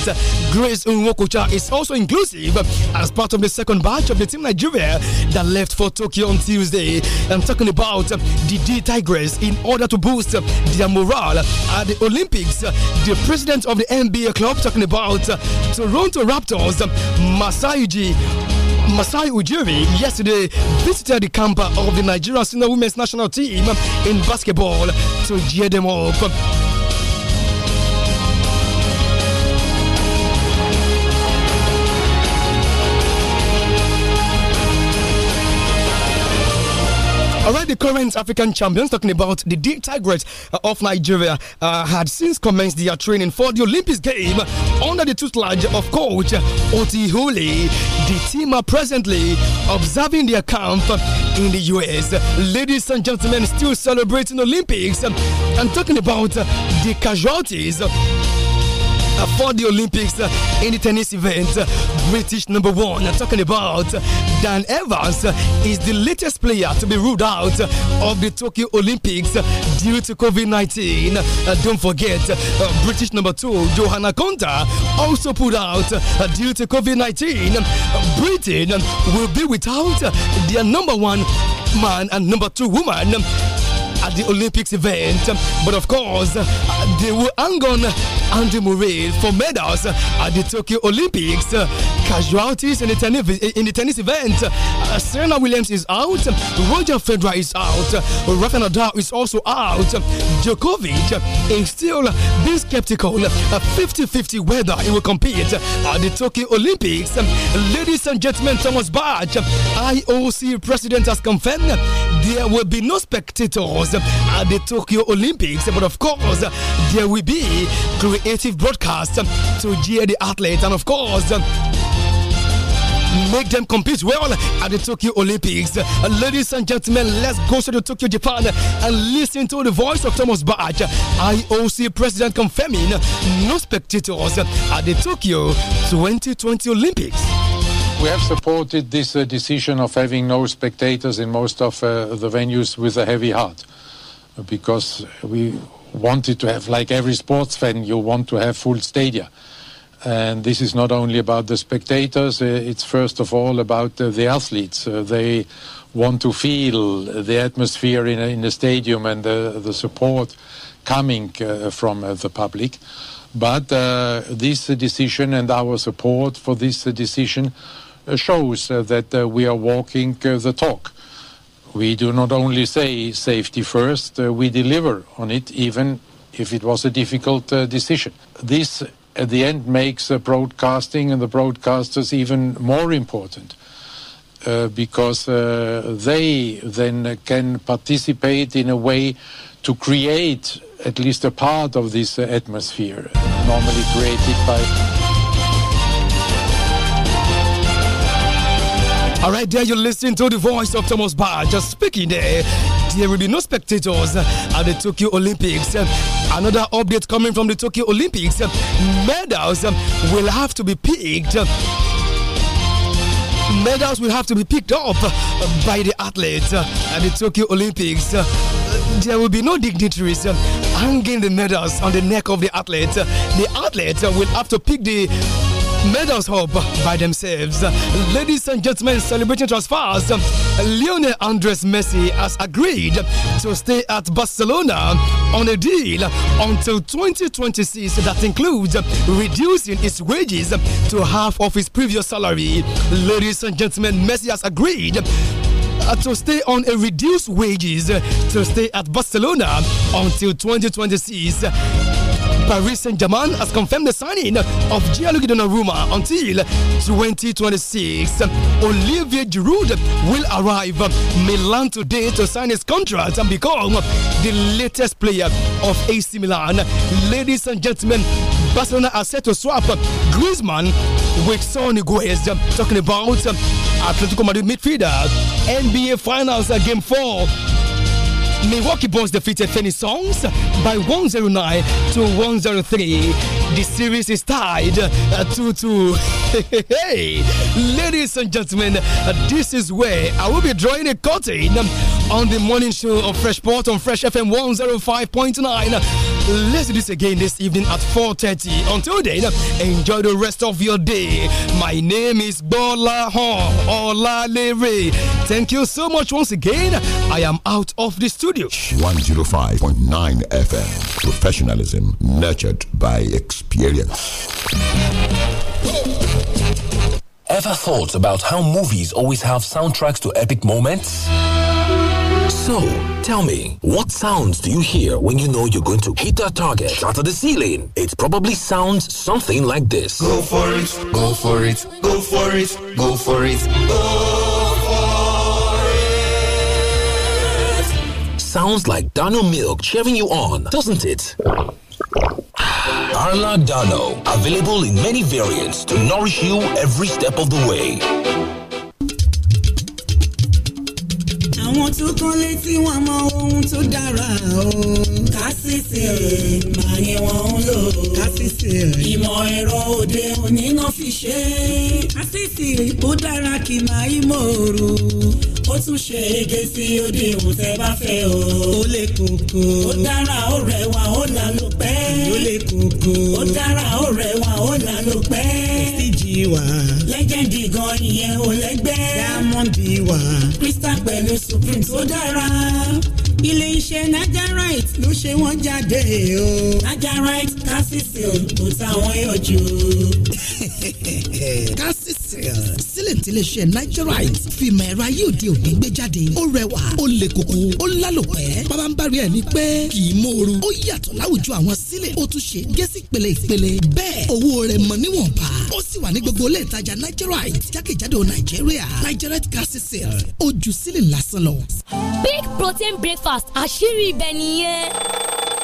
Grace Unwokocha is also inclusive as part of the second batch of the Team Nigeria that left for Tokyo on Tuesday. I'm talking about the D Tigress in order to boost their morale at the Olympics. The president of the NBA club talking about Toronto Raptors, Masayuji Masai Ujiri yesterday visited the camp of the Nigeria senior women's national team in basketball to cheer them up. All right, the current African champions, talking about the Deep uh, of Nigeria, uh, had since commenced their training for the Olympics game under the tutelage of coach uh, Oti Huli. The team are presently observing their camp in the US. Ladies and gentlemen, still celebrating Olympics and talking about uh, the casualties for the Olympics in the tennis event. British number one, talking about Dan Evans, is the latest player to be ruled out of the Tokyo Olympics due to COVID 19. Uh, don't forget, uh, British number two, Johanna Konta, also pulled out uh, due to COVID 19. Britain will be without their number one man and number two woman at the Olympics event. But of course, they will hang on Andy Murray for medals at the Tokyo Olympics. Casualties in the tennis, in the tennis event. Serena Williams is out. Roger Federer is out. Rafael Nadal is also out. Djokovic is still being skeptical. 50-50 whether he will compete at the Tokyo Olympics. Ladies and gentlemen, Thomas Bach, IOC president has confirmed there will be no spectators course, at the Tokyo Olympics, but of course, there will be creative broadcasts to cheer the athletes, and of course, make them compete well at the Tokyo Olympics. ladies and gentlemen, let's go to the Tokyo, Japan and listen to the voice of Thomas Bach, IOC president confirming no spectators at the Tokyo 2020 Olympics. We have supported this uh, decision of having no spectators in most of uh, the venues with a heavy heart because we wanted to have, like every sports fan, you want to have full stadia. And this is not only about the spectators, eh, it's first of all about the athletes. Eh, they want to feel the atmosphere in a, in a stadium and the, the support coming eh, from the public. But this decision and our support for this decision shows that we are walking the talk we do not only say safety first, uh, we deliver on it, even if it was a difficult uh, decision. This, at the end, makes uh, broadcasting and the broadcasters even more important. Uh, because uh, they then can participate in a way to create at least a part of this uh, atmosphere, normally created by All right, there you listen to the voice of Thomas Bar just speaking there. There will be no spectators at the Tokyo Olympics. Another update coming from the Tokyo Olympics medals will have to be picked medals will have to be picked up by the athletes at the Tokyo Olympics. There will be no dignitaries hanging the medals on the neck of the athlete. The athlete will have to pick the made us hope by themselves. Ladies and gentlemen, celebrating transfers, Lionel Andres Messi has agreed to stay at Barcelona on a deal until 2026 that includes reducing his wages to half of his previous salary. Ladies and gentlemen, Messi has agreed uh, to stay on a reduced wages to stay at Barcelona until 2026. Paris Saint-Germain has confirmed the signing of Gianluigi Donnarumma until 2026. Olivier Giroud will arrive Milan today to sign his contract and become the latest player of AC Milan. Ladies and gentlemen, Barcelona are set to swap Griezmann with Sonny Guez. Talking about Atletico Madrid midfielder, NBA Finals uh, Game 4. Milwaukee Bulls defeated Phoenix Suns by 109 to 103. The series is tied 2-2. Uh, hey, ladies and gentlemen, uh, this is where I will be drawing a curtain on the morning show of Freshport on Fresh FM 105.9. Let's do this again this evening at 4.30. Until then, enjoy the rest of your day. My name is Bola Hon Olalere. Thank you so much once again. I am out of the studio. 105.9 FM. Professionalism nurtured by experience. Ever thought about how movies always have soundtracks to epic moments? So, tell me, what sounds do you hear when you know you're going to hit that target, shatter the ceiling? It probably sounds something like this. Go for it, go for it, go for it, go for it, go for it. Sounds like Dano Milk cheering you on, doesn't it? Arla Dano, available in many variants to nourish you every step of the way. àwọn tó kán létí wọn mọ ohun tó dára o. kásìsì màá ni wọ́n ń lò. kásìsì ìmọ̀ ẹ̀rọ òde òní náà fi ṣe. kásìsì ó dára kì máa í mòrò. ó tún ṣe ege sí òde òun tẹ́ bá fẹ́ o. ó lè kókó. ó dára ó rẹwà ó là ló pẹ́. ó lè kókó. ó dára ó rẹwà ó là ló pẹ́ bí wà. lẹ́gẹ̀dì gan ìyẹn ò lẹ́gbẹ́. diamond bí wà. crystal pẹ̀lú supreme tó dára. ilé iṣẹ́ nigerite ló ṣe wọ́n jáde o. nigerite calcicil kò táwọn yọjú. calcicil talent iléeṣẹ́ nigerite fìmọ̀ ẹ̀rọ ayé òde òní gbé jáde ó rẹwà ó lè kókó ó lálòpẹ́ bàbá ń bari ẹ̀ ní pẹ́ kì í mòoru ó yàtọ̀ láwùjọ àwọn sílẹ̀ ó tún ṣe gẹ́sì pèlè ìpèlè bẹ́ẹ̀ owó rẹ̀ mọ̀ níwọ̀nba ó sì wà ní gbogbo ilé ìtajà nigerite jákèjádò nàìjíríà nigerite gas sale ojú sílẹ̀ lásán lọ. big protein breakfast àṣírí ibẹ̀ nìyẹn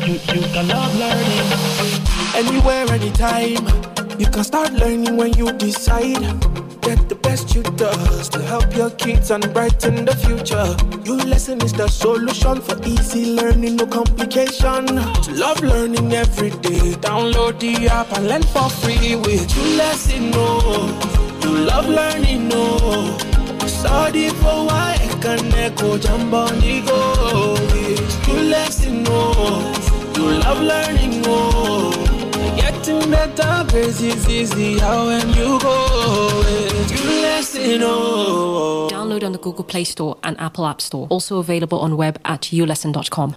You, you can love learning anywhere, anytime. You can start learning when you decide. Get the best you does to help your kids and brighten the future. Your lesson is the solution for easy learning, no complication. To love learning every day. Download the app and learn for free with your lesson. you love learning. study for why I can echo jump Your lesson love learning more. Getting better, is easier when you go. You listen, oh. Download on the Google Play Store and Apple App Store. Also available on web at ulesson.com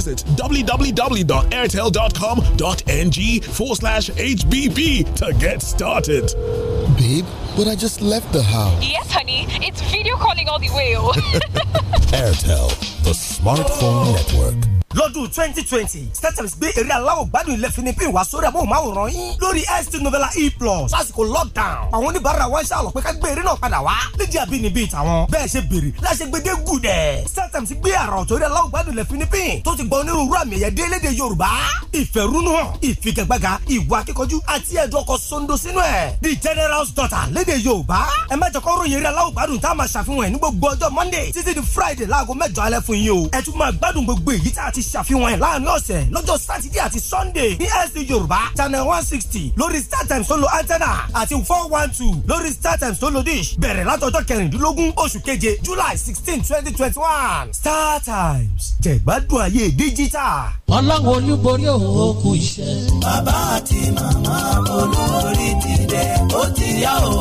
visit www.airtel.com.ng forward slash HBB to get started. Babe, but I just left the house. Yes, honey. It's video calling all the way. Airtel, the smartphone network. lọ́dún twenty twenty startimes gbé eré aláwọ̀ gbádùn ilẹ̀ philippine wá sórí amóhùnmáwòrán yín lórí st novella e plus lásìkò lockdown àwọn oníbàárà wa ń ṣàlọ̀ pé ká gbé eré náà padà wá lédi àbínibí tàwọn bẹ́ẹ̀ ṣe béèrè láṣẹ gbẹdẹ gùdẹ̀ startimes gbé àrà ọ̀tọ̀ eré aláwọ̀ gbádùn ilẹ̀ philippine tó ti gba onírúurú àmì ẹ̀yẹ dé léde yorùbá ìfẹ̀rúnúhàn ìfigagbága ìwà akíkanjú àti ẹ̀dùn ọkọ̀ sondo sínú ẹ̀ the general's daughter léde yorùbá ẹ má jẹ kó ròyìn eré aláwọ̀ gbádùn tá a máa ṣàfihàn ẹ̀ ní gbogbo ọjọ́ monday títí di friday láago mẹ́jọ alẹ́ fún yín o ẹ tún máa gbádùn gbogbo láti ṣàfihàn ẹ̀ láàrin ọ̀sẹ̀ lọ́jọ́ sátidé àti sunday ní ST yorùbá channel one sixty lórí startimes tó lo antenna àti four one two lórí startimes tó lo dish bẹ̀rẹ̀ látọjọ́ kẹrìndínlógún oṣù keje july sixteen twenty twenty one startimes jẹ̀gbádùn ayé digital. ọlọ́run olúborí òun iṣẹ́. bàbá àti màmá olórí ti dé ó ti yá o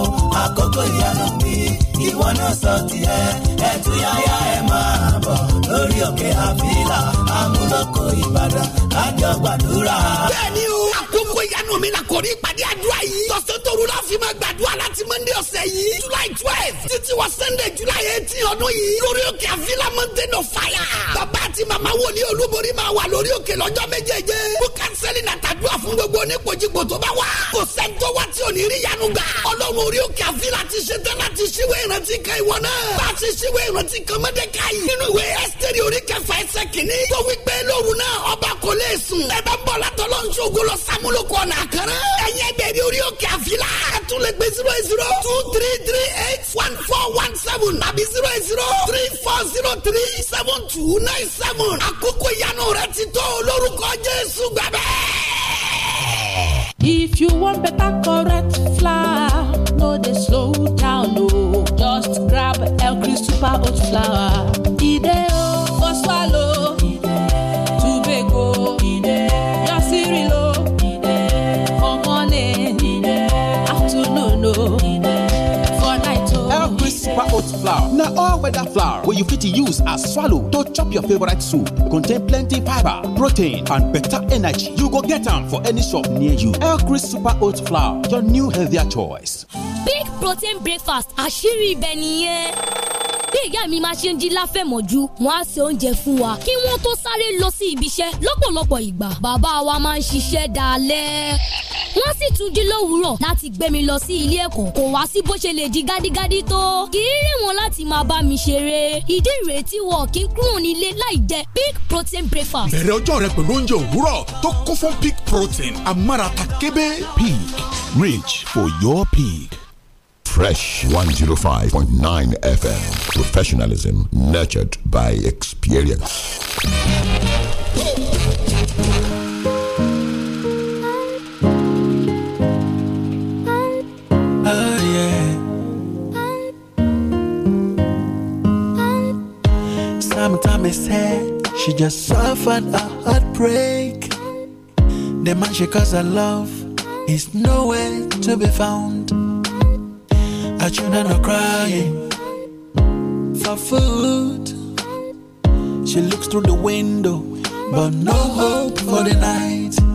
àkókò ìyanu mi ìwọ náà sọ tiẹ̀ ẹ̀túyáyá ẹ̀ máa bọ̀ lórí òkè àfíìlà àmúlòkọ ìbàdàn lájọ gbàdúrà. bẹ́ẹ̀ni o àkókò ìyanu mi la kò ní ìpàdé àdúrà yìí. tọ̀sán tòru la fi máa gbàdúrà láti mọ́ndé ọ̀sẹ̀ yìí. july twelve títí wọ sunday july eighteen ọdún yìí. lórí òkè àfíìlà mountain of fire. bàbá àti màmá wòlíì olúborí máa wà lórí òkè lọ́jọ́ méjèèjé. kó kánsẹ́lì nàtàdúrà fún gbogbo oníkojúgbò tó bá wà. kò sẹ́ńtọ́ wá tí ò ní rí yanu gbà. ọlọ́run orí òkè àfíìlà ti ṣetán láti ṣíwèé ìrántí kan ìwọ náà. bá a ṣe ṣíwé ìrántí kan Mọ́dékáì. nínú ìwé ẹ́sítẹ́rì orí kẹfà ẹsẹ̀ kìíní. tó wí pé lóru náà ọba kò lè sùn. ẹ bá ń bọ̀ látọ̀ lọ ṣogo lọ sàmúlò kọ̀ ọ̀nà àkàrà. ẹ̀yin ẹgbẹ́ orí òkè àfilà. a tún lè gbé zero zero two three three eight one four one seven àbí zero zero three four zero three seven two nine seven. àkókò ìyanu rẹ ti tó lórúkọ Jésù gbàgbẹ́. If you want better correct flour, no dey slow down ground o oh. just grab elkri super oat flour e dey oh, o go swallow tobago your cereal for morning afternoon oh. for night o. elkri super oat flour na all weather flour where you fit to use as swallow to chop your favourite soup contain plenty fiber, protein and better energy you go get am for any shop near you elcris super oat flour your new healthier choice. big protein breakfast ashiri ibẹ̀ nìyẹn bí ìyá mi máa ṣe ń jí láfẹ̀mọ́jú wọ́n á ṣe oúnjẹ fún wa kí wọ́n tó sáré lọ sí ibi iṣẹ́ lọ́pọ̀lọpọ̀ ìgbà bàbá wa máa ń ṣiṣẹ́ dalẹ́ wọ́n sì tún jí lówùúrọ̀ láti gbé mi lọ sí ilé ẹ̀kọ́ kò wá sí bó ṣe lè di gádígádí tó kì í rìn wọ́n wọn láti máa bá mi ṣeré ìdí ìrètí wọn kì í kúrò nílé láì jẹ big protein breakfast. bẹ̀rẹ̀ ọjọ́ rẹ pẹ̀lú oúnjẹ òwúrọ̀ tó kún fún big protein amárata kébé. peak rich for your peak. Fresh 105.9 FM. Professionalism nurtured by experience. Mommy said she just suffered a heartbreak. The man she calls her love is nowhere to be found. Her children are crying for food. She looks through the window, but no hope for the night.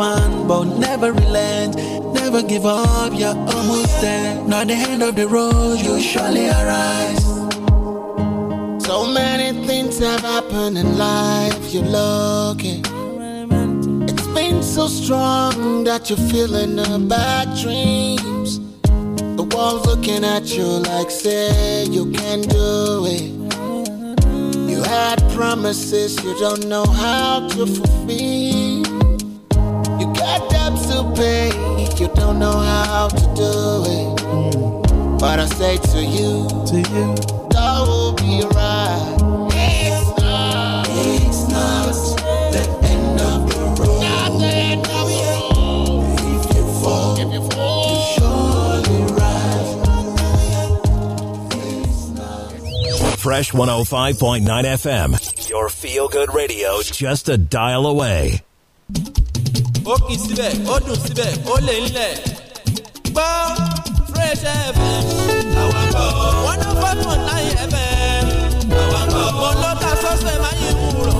fan, but never relent. Never give up, you're almost there. Not the end of the road, you surely arise. So many things have happened in life, you're lucky. It's been so strong that you're feeling the bad dreams. The world's looking at you like, say, you can do it You had promises you don't know how to fulfill. You don't know how to do it. But I say to you, to you, that will be right. Fresh 105.9 FM, your feel good radio, just a dial away. ó kì síbẹ̀ ó dùn síbẹ̀ ó lè ń lẹ̀. gbọ́ fresh fm àwọn kọ́ one oh five point nine fm àwọn mo ló ta sọ́sẹ̀ máa yẹ kú rọ̀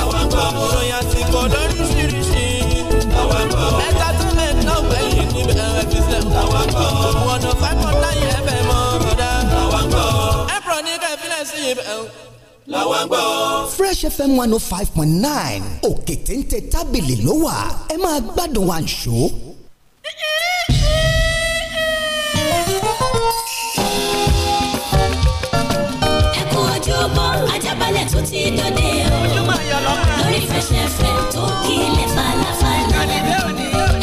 àwọn kọ́ ròyìn àsìkò lóríṣiríṣi àwọn kọ́ mẹ́ta tún mẹ́ta ọ̀gbẹ́yìn níbẹ̀ ẹ̀ fi sẹ́ àwọn kọ́ one five point nine fm ọ̀rọ̀ dá àwọn kọ́ ẹ̀pọ̀ ní kẹ́fílẹ̀ sí ibẹ̀ làwọn gbọ́. fresh fm one oh five point nine òkè téńté tábìlì ló wà ẹ máa gbádùn àǹṣó. ẹ kú ojúbọ ajábalẹ̀ tó ti dòde o lórí fresh fm tó kílẹ̀ falafala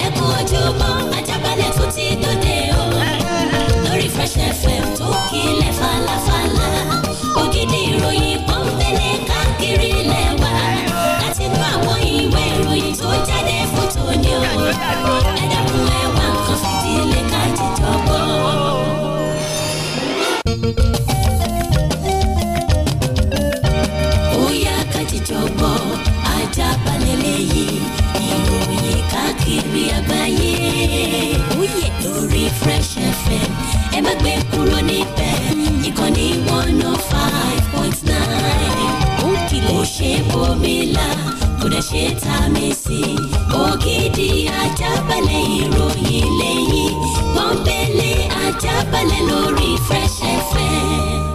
ẹ kú ojúbọ ajábalẹ̀ tó ti dòde o lórí fresh fm tó kílẹ̀ falafala ògidì ìròyìn fẹ́rẹ̀ káàkiri ilẹ̀ wa láti inú àwọn ìwé ìròyìn tó jáde fún tòní o ẹ dẹ́kun ẹ wá nǹkan fìdílé ká jíjọ gbọ́. ó yá ajá balẹ̀ lẹ́yìn ìròyìn káàkiri àgbáyé lórí Fresh FM ẹ má gbé kúrò níbẹ̀ ìkànnì one oh five point nine kò ṣe bòmílà kò dẹ̀ ṣe tà mí sí. ògidì ajábalẹ̀ ìròyìn lẹ́yìn pọ́npẹ́lẹ́ ajábalẹ̀ lórí Fresh FM.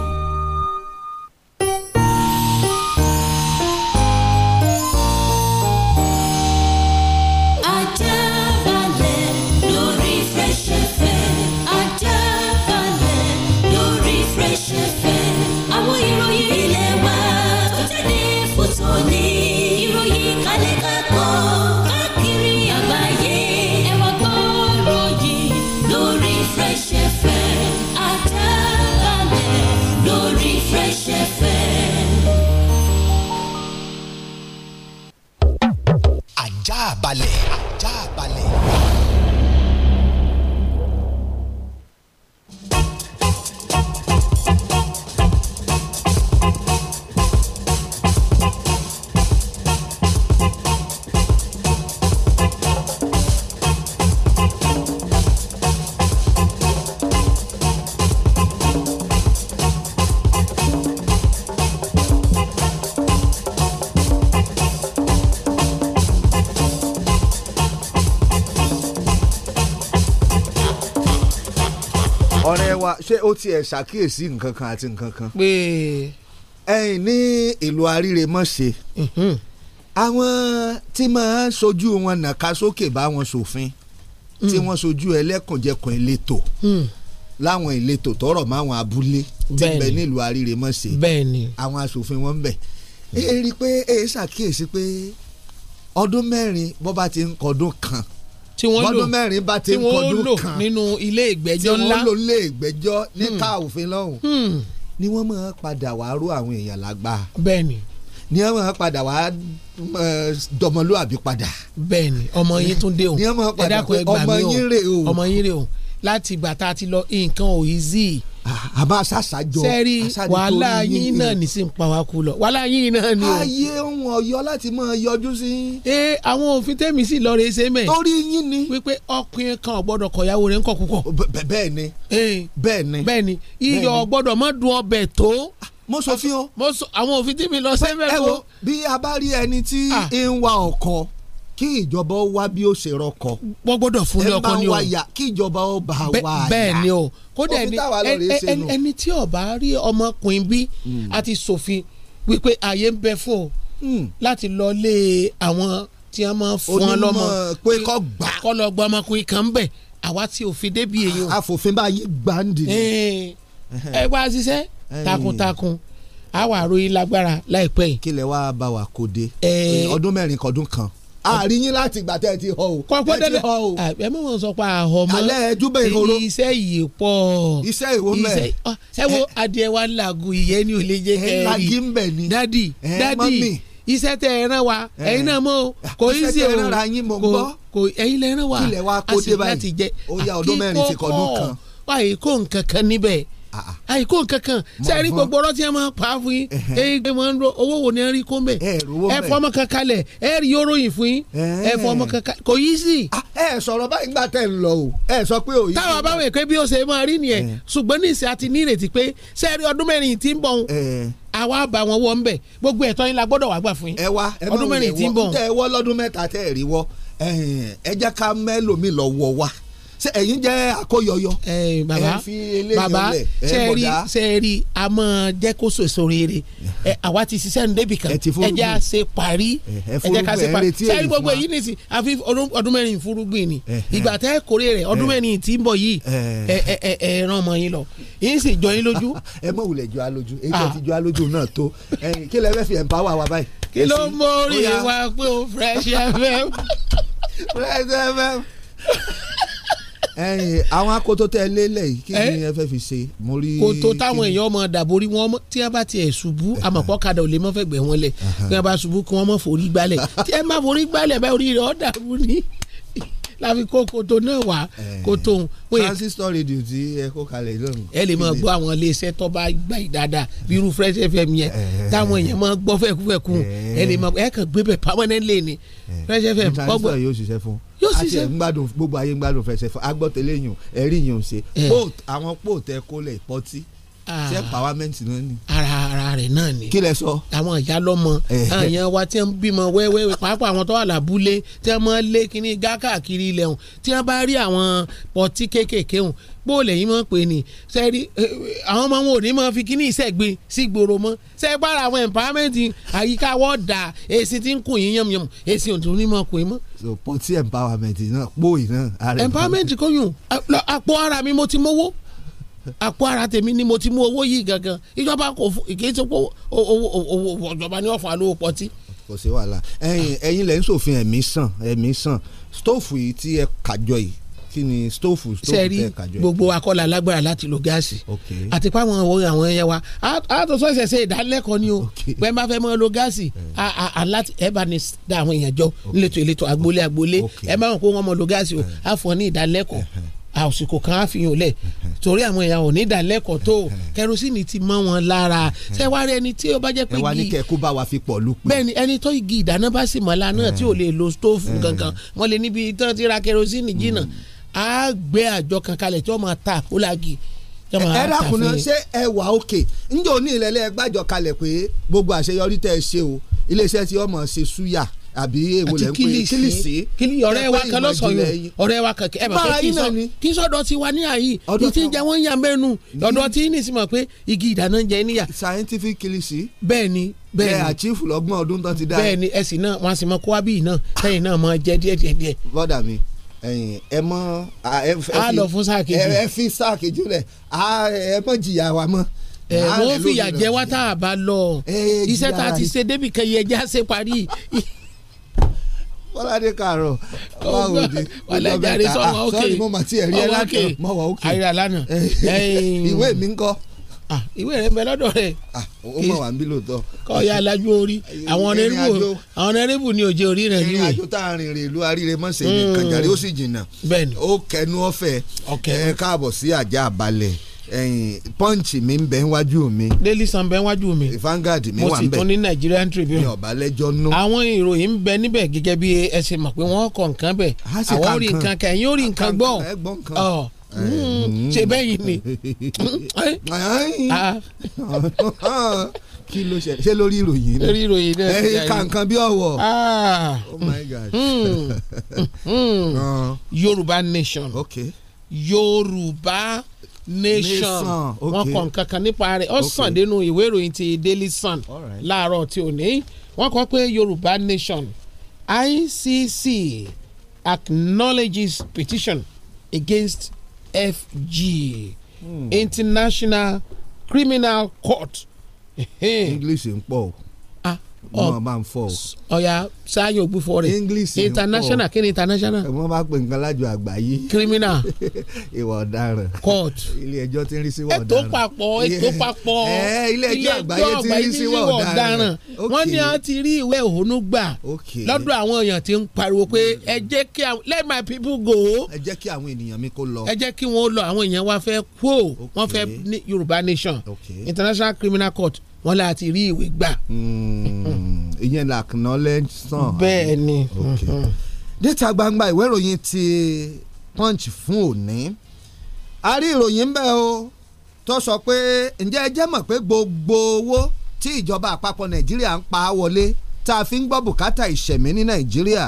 ó tiẹ̀ ṣàkíyèsí nǹkan kan àti nǹkan kan. pé ẹ̀yin ní ìlú àríremọ́ṣe mhm. àwọn tí máa ń sojú wọn nàka sókè bá wọn ṣòfin mm. tí wọ́n sojú ẹlẹ́kùnjẹkùn ìletò mm. láwọn ìletò tọrọ máwọn abúlé tí ń bẹ nílùú àríremọ́ṣe àwọn aṣòfin wọn ń bẹ ẹ rí i pé ẹ ṣàkíyèsí pé ọdún mẹ́rin bó bá ti ń kọdún kan tí wọ́n lò bọ́dún mẹ́rin bá ti ń kọdún kan nínú ilé ìgbẹ́jọ́ ńlá tí wọ́n lò ilé ìgbẹ́jọ́ hmm. ní ká òfin lọ́hùn hmm. ni wọ́n máa padà wàá rú àwọn èèyàn lágbá. bẹ́ẹ̀ni ni wọn máa padà wá eh, dọmọlúàbí padà. bẹ́ẹ̀ni ọmọ yín tún dé o ẹ dákun ẹ gbà mí o ọmọ yín rè o láti ìgbà tá a ti lọ nǹkan ò yí zii àbá àṣàṣàjọ sẹ́rí wàhálà yín náà ní sí ń pa wá kú lọ wàhálà yín náà ni o. ayé ohun ọ̀yọ́ láti máa yọjú sí. ee àwọn òfin tẹ́mi sì lọ́ọ́ ṣe mẹ́. torí yín ni. wípé ọkùnrin kan ọ̀gbọ́dọ̀ kọ̀yàwó rẹ̀ ń kọ̀ púpọ̀. bẹ́ẹ̀ ni bẹ́ẹ̀ ni bẹ́ẹ̀ ni iyọ̀ ọ̀gbọ́dọ̀ mọ́ dùn ọbẹ̀ tó mo sọ fí o. mo sọ àwọn òfin tí mi lọ sẹ́mẹ̀ kó. ẹ wo bí a bá rí ẹni tí ń wa ọkọ kí ìjọba ó wá bí ó ṣe rọkọ. wọ́n gbọ́dọ̀ fún ní ọkọ ni o ẹ bá wa yà kí ìjọba ó bá wa yà. bẹ́ẹ̀ ni o kódà ẹni ẹni tí ọba rí ọmọkùnrin bí àti hmm. ṣòfin wípé ààyè ń bẹ fún o hmm. láti lọ lé àwọn tí wọ́n máa fún ọ lọ́mọ kọ́ lọ gba ọmọkùnrin kan bẹ̀ àwa tí òfin débi èyí o. àfòfin bá yé gbàǹdì. ẹ wá ṣiṣẹ́ takuntakun àwa àròyìn lágbára láìpẹ́ yìí. kílẹ̀ wá bá wa kó de ọdún mẹ́rin kọ́dún kan àárín yín láti ìgbà tẹ́ ẹ ti họ o. kọ́kọ́ dẹ́dẹ́ ẹ mọ̀ wọ́n sọ pé àhọ mọ́ alẹ́ ẹjúbẹ̀ ìhòòrò iṣẹ́ yìí pọ̀ iṣẹ́ ìwọ mẹ́. ẹ wo adìẹ wa làgùn ìyẹn ni ò lè jẹ́ kẹ́ ẹ rí dadi dadi iṣẹ́ tẹ ẹ rán wa ẹ̀yin náà mọ̀ o kò í sí o kò kò ẹ̀yin lẹ rán wa a sì láti jẹ àkíkọ́ wáyé kó nǹkan kan níbẹ̀ àìkó nkankan sẹ́ẹ̀rí gbogbo ọ̀rọ̀ tí ẹ máa pa fún yín èyí gbé wọn ro owó wo ni ẹ rí kó mbẹ ẹ fọmọ kankan lẹ ẹ rí oròyìn fún yín ẹ fọmọ kankan kò yí sí. Ah, ẹ sọ̀rọ̀ báyìí gbà tẹ̀ ń lọ o ẹ sọ pé òyìn. táwọn abáwọn èké bí ó ṣe máa rí nìyẹn ṣùgbọ́n ní ìsìn àti ní ìrètí pé sẹ́ẹ̀rí ọdún mẹ́rin tí ń bọ̀ àwa bá wọn wọ ńbẹ gbogbo ẹ̀tọ́ yín la gbọ́dọ̀ wà gbà fún yín. ẹ wá ẹ má wọlé wọ ọdún mẹ́rin tí ń bọ̀. ẹ wọ lọ́dún mẹ́ta tẹ́ ẹ rí wọ ẹ jẹ́ ká mẹ́lòmí lọ wọ wá ṣe ẹ̀yin jẹ́ àkóyọyọ. ẹ bàbá bàbá sẹ́ẹ̀rì sẹ́ẹ̀rì a mọ̀ jẹ́ kó sòso rere ẹ àwa ti ṣiṣẹ́ ní débìkan ẹ jẹ́ à ṣe parí ẹ jẹ́ ká ṣe parí sẹ́ẹ̀rì gbogbo èyí ní sí àfi ọdún mẹ́rin fúrúgbìn ni ìgbà tẹ́ kórè rẹ̀ ọdún mẹ́rin tí ń bọ̀ yìí ẹ ẹ ẹ ràn mọ́ yín lọ yín sì jọ yín lójú. ẹ mọ̀ wulẹ̀ jọ alójú èyí tó ah. ti jọ alójú náà tó kí lẹ fẹ́ fi empower wa báyìí. kí ló ń mórí wa pé o Fresh FM. Fresh FM. àwọn akoto tẹ lélẹ̀ yìí kí ni ẹ fẹ́ fi ṣe. koto táwọn èèyàn ọmọ dàborí wọn tí wọn bá tiẹ̀ ṣubú àmọ̀pọ̀kadà ò lè mọ́ fẹ́ gbẹ̀ wọn lẹ̀ tí wọn bá ṣubú kí wọ́n mọ̀ forí gbálẹ̀ tí wọn bá forí gbálẹ̀ bá orí rẹ̀ ọ̀ dàrú ni láfi kó koto náà wá eh. koto òun. transistor radio ti ẹ kó kalẹ̀ lónìí. ẹ lè máa gbọ́ àwọn iléeṣẹ́ tó bá gbà yìí dáadáa bí irú fresh fm yẹn eh. táwọn èèyàn máa gbọ́ fẹ́kúfẹ́kú ẹ lè máa ẹ kàn gbé bẹ̀ permanently ni eh. fresh fm ọgbọ́n yóò ṣiṣẹ́ fún yóò ṣiṣẹ́ àti gbogbo ayé gbádùn fresh fm agbọ́tẹ̀lẹ́yìn ẹ̀rí yìí ò ṣe àwọn port kólẹ̀ pọ́tì Ah. ṣé empowerment náà ni. ara ara rẹ̀ náà ni. kí lẹ sọ. àwọn ìyá lọ́mọ eh. àyàn wa tí wọ́n bímọ wẹ́wẹ́ pàápàá àwọn tó wà lábúlé tí wọ́n máa lé kínní gá káàkiri ilẹ̀ hùn tí wọ́n bá rí àwọn pọtí kéékèèké hùn bó lẹ́yìn máa ń pè ní sẹ́rí eh, eh, àwọn ọmọ wọn ò ní máa fi kínní ìṣègbè sí gbòòrò mọ́ sẹ́gbàrà àwọn empowerment àyíká wọ́ọ̀dà èsì tí ń kùn yín yànmùyànmù èsì ò tún ní máa kùn yín mọ́. so pọtí empowerment náà pòyì náà. empowerment kọ́yùn àpò ara mi mo ti mówó àpò ara tèmi ni mo ti mú owó yìí gangan ìjọba kò kì í ṣe pé owó ìjọba ni ọ̀fọ̀ àlówó pọtí. kò sí wàhálà ẹ̀yin ẹ̀yin lẹ ń ṣòfin ẹ̀mí sàn ẹ̀mí sàn stóòfù yìí tí ẹ kàjọ yìí kí ni stóòfù stóòfù tẹ kàjọ yìí. gbogbo akọ́là lágbára láti lo gáàsì àti páwọn àwọn ẹyẹ wa a tó sọ ìṣẹ̀ṣe ìdánilẹ́kọ̀ọ́ ni o pé n bá fẹ́ mọ́ lo gáàsì aláti ẹ bá ní da àwọn èèyàn jọ létò ìletò agboolé agboolé ẹ má wọn kó wọn mọ́ lo gáàsì o á fọ ní ìdánilẹ́kọ̀ọ́ àsìkò kan á fi hàn lẹ̀ torí àwọn èèyàn ò ní ìdálẹ́kọ̀ọ́ tó kẹrosínì ti mọ́ wọn lára ṣé wàá rí ẹni tí ó bá jẹ́ pé igi ẹ wá ní kẹ kó bá wa fi pọ̀ lùpẹ́. bẹ́ẹ̀ni ẹni tó igi ìdáná bá sì mọ́lá náà tí ò lè lo stóòfù gangan hmm. wọ́n lè níbi tán ti ra kẹrosínì jìnnà á hmm. gbé àjọ kan kalẹ̀ tí wọ́n máa ta kó ẹ dákun ṣé ẹ wà òkè njẹ́ òní ìrẹ̀lẹ̀ gbàjọ kalẹ̀ pé gbogbo àṣeyọrí tẹ́ ẹ ṣe o iléeṣẹ́ tí ọmọ ṣe súyà àbí èwo lẹ́ ń pè kílìsì kílì ọ̀rẹ́ wa kan lọ́sọ̀yọ̀ ọ̀rẹ́ wa kan ẹ̀ bàbá kí kí sọ ọ̀dọ̀ ti wa ní ààyè ní ti ń jẹ wọ́n yà mẹ́nu ọ̀dọ̀ ti ní ìsìnmọ̀ pé igi ìdáná jẹ níyà. scientific kílìsì. bẹ́ẹ̀ni bẹ́ẹ̀ni bẹ́ẹ̀ àchífù lọ́gbọ̀n ọdún tán ti dá. bẹ́ẹ̀ni ẹ sì náà wọn a sì mọ kówá bíi náà sẹ́yìn náà mọ jẹ díẹ̀díẹ̀. bọ́dà mi ẹyin ẹ mọ a lọ fún sáà kejì ẹ fi sáà kejì rẹ ẹ mọ jìyà wa mọ ẹ fìyà jẹ wá tá a bá lọ iṣẹ́ tá ti ṣe débi kẹyẹ ẹja parí. bọ́ládé kàrọ̀ báwo ni ọjọ́ bẹ́ẹ̀ ta mo mà ti ẹ̀rí ẹ̀ lánàá mọ̀ wá òkè àyíra lánàá eh, ìwé mi ń kọ́. Ah, ìwé rẹ̀ ń bẹ lọ́dọ̀ rẹ̀. Ah, ó mọ̀ wá ń bí lóòótọ́. kọ́ ya lajú orí àwọn ọ̀nẹ́rìbù àwọn ọ̀nẹ́rìbù ni òjò orí rẹ̀ níwèé. ìrìnàjò tá a rìn rìn ìlú aríire mọ̀sẹ̀ ní hmm. kàjàrí ó sì jìnnà ó kẹnu ọ̀fẹ́ ẹ káàbọ̀ sí àjà àbálẹ̀ punch mi ń bẹ níwájú mi. daily sun bẹ níwájú mi. Vanguard mi wà ń bẹ. mo sì tún ní Nigerian Tribune. mi ò bá lẹ́jọ́ nú. àwọn ìròyìn ń bẹ níbẹ̀ gẹ́gẹ́ bí ẹ ṣe mọ̀ pé wọ́n kọ nǹkan bẹ̀. àwọn orí nǹkan kan ẹ̀yin orí nǹkan gbọ́ hmm, ṣe bẹ́yìn ni. kí ló ṣe ṣe lórí ìròyìn náà lórí ìròyìn náà ẹ kankan bí ọwọ. Ah. oh my God. Hmm, hmm, Yorùbá nation. okay. Yorùbá nation wọn kọ nǹkan kan nípa rẹ̀ ó sàn nínú ìwé ìròyìn ti daily sun láàárọ̀ tí ò ní wọ́n kọ pé yorùbá nation icc acknowledges petition against fg hmm. international criminal court. english ń pọ̀ o ọmọ bá ń fọ o. ọ̀ya sáyé ògbúfọ rẹ̀ english international kí ni international. wọ́n bá pè nǹkan lájọ àgbáyé. criminal. ìwà ọ̀daràn. court. ilé ẹjọ́ ti ń rí sí ìwà ọ̀daràn. ètò papọ̀ ètò papọ̀ ilé ẹjọ́ àgbáyé ti ń rí sí ìwà ọ̀daràn. wọ́n ní a ti rí ìwé òhónú gbà lọ́dọ̀ àwọn èèyàn ti ń pariwo pé hmm. ẹ jẹ́ kí let my people go. ẹ jẹ́ kí àwọn ènìyàn mi kó lọ. ẹ jẹ́ kí wọ́n lọ àwọn èèyàn wa fẹ́ kú wọ́n fẹ́ Yorùbá nation international criminal court wọ́n láti rí ìwé gbà. Hmm, ìyẹn la acknowledge sàn. bẹ́ẹ̀ ni. Hmm, hmm. níta gbangba ìwé ìròyìn ti punch fún òní a rí ìròyìn bẹ́ẹ̀ o tó sọ pé ǹjẹ́ ẹ jẹ́ mọ̀ pé gbogbo owó tí ìjọba àpapọ̀ nàìjíríà ń pa á wọlé tá a fi ń gbọ́ bùkátà ìṣẹ̀mí ní nàìjíríà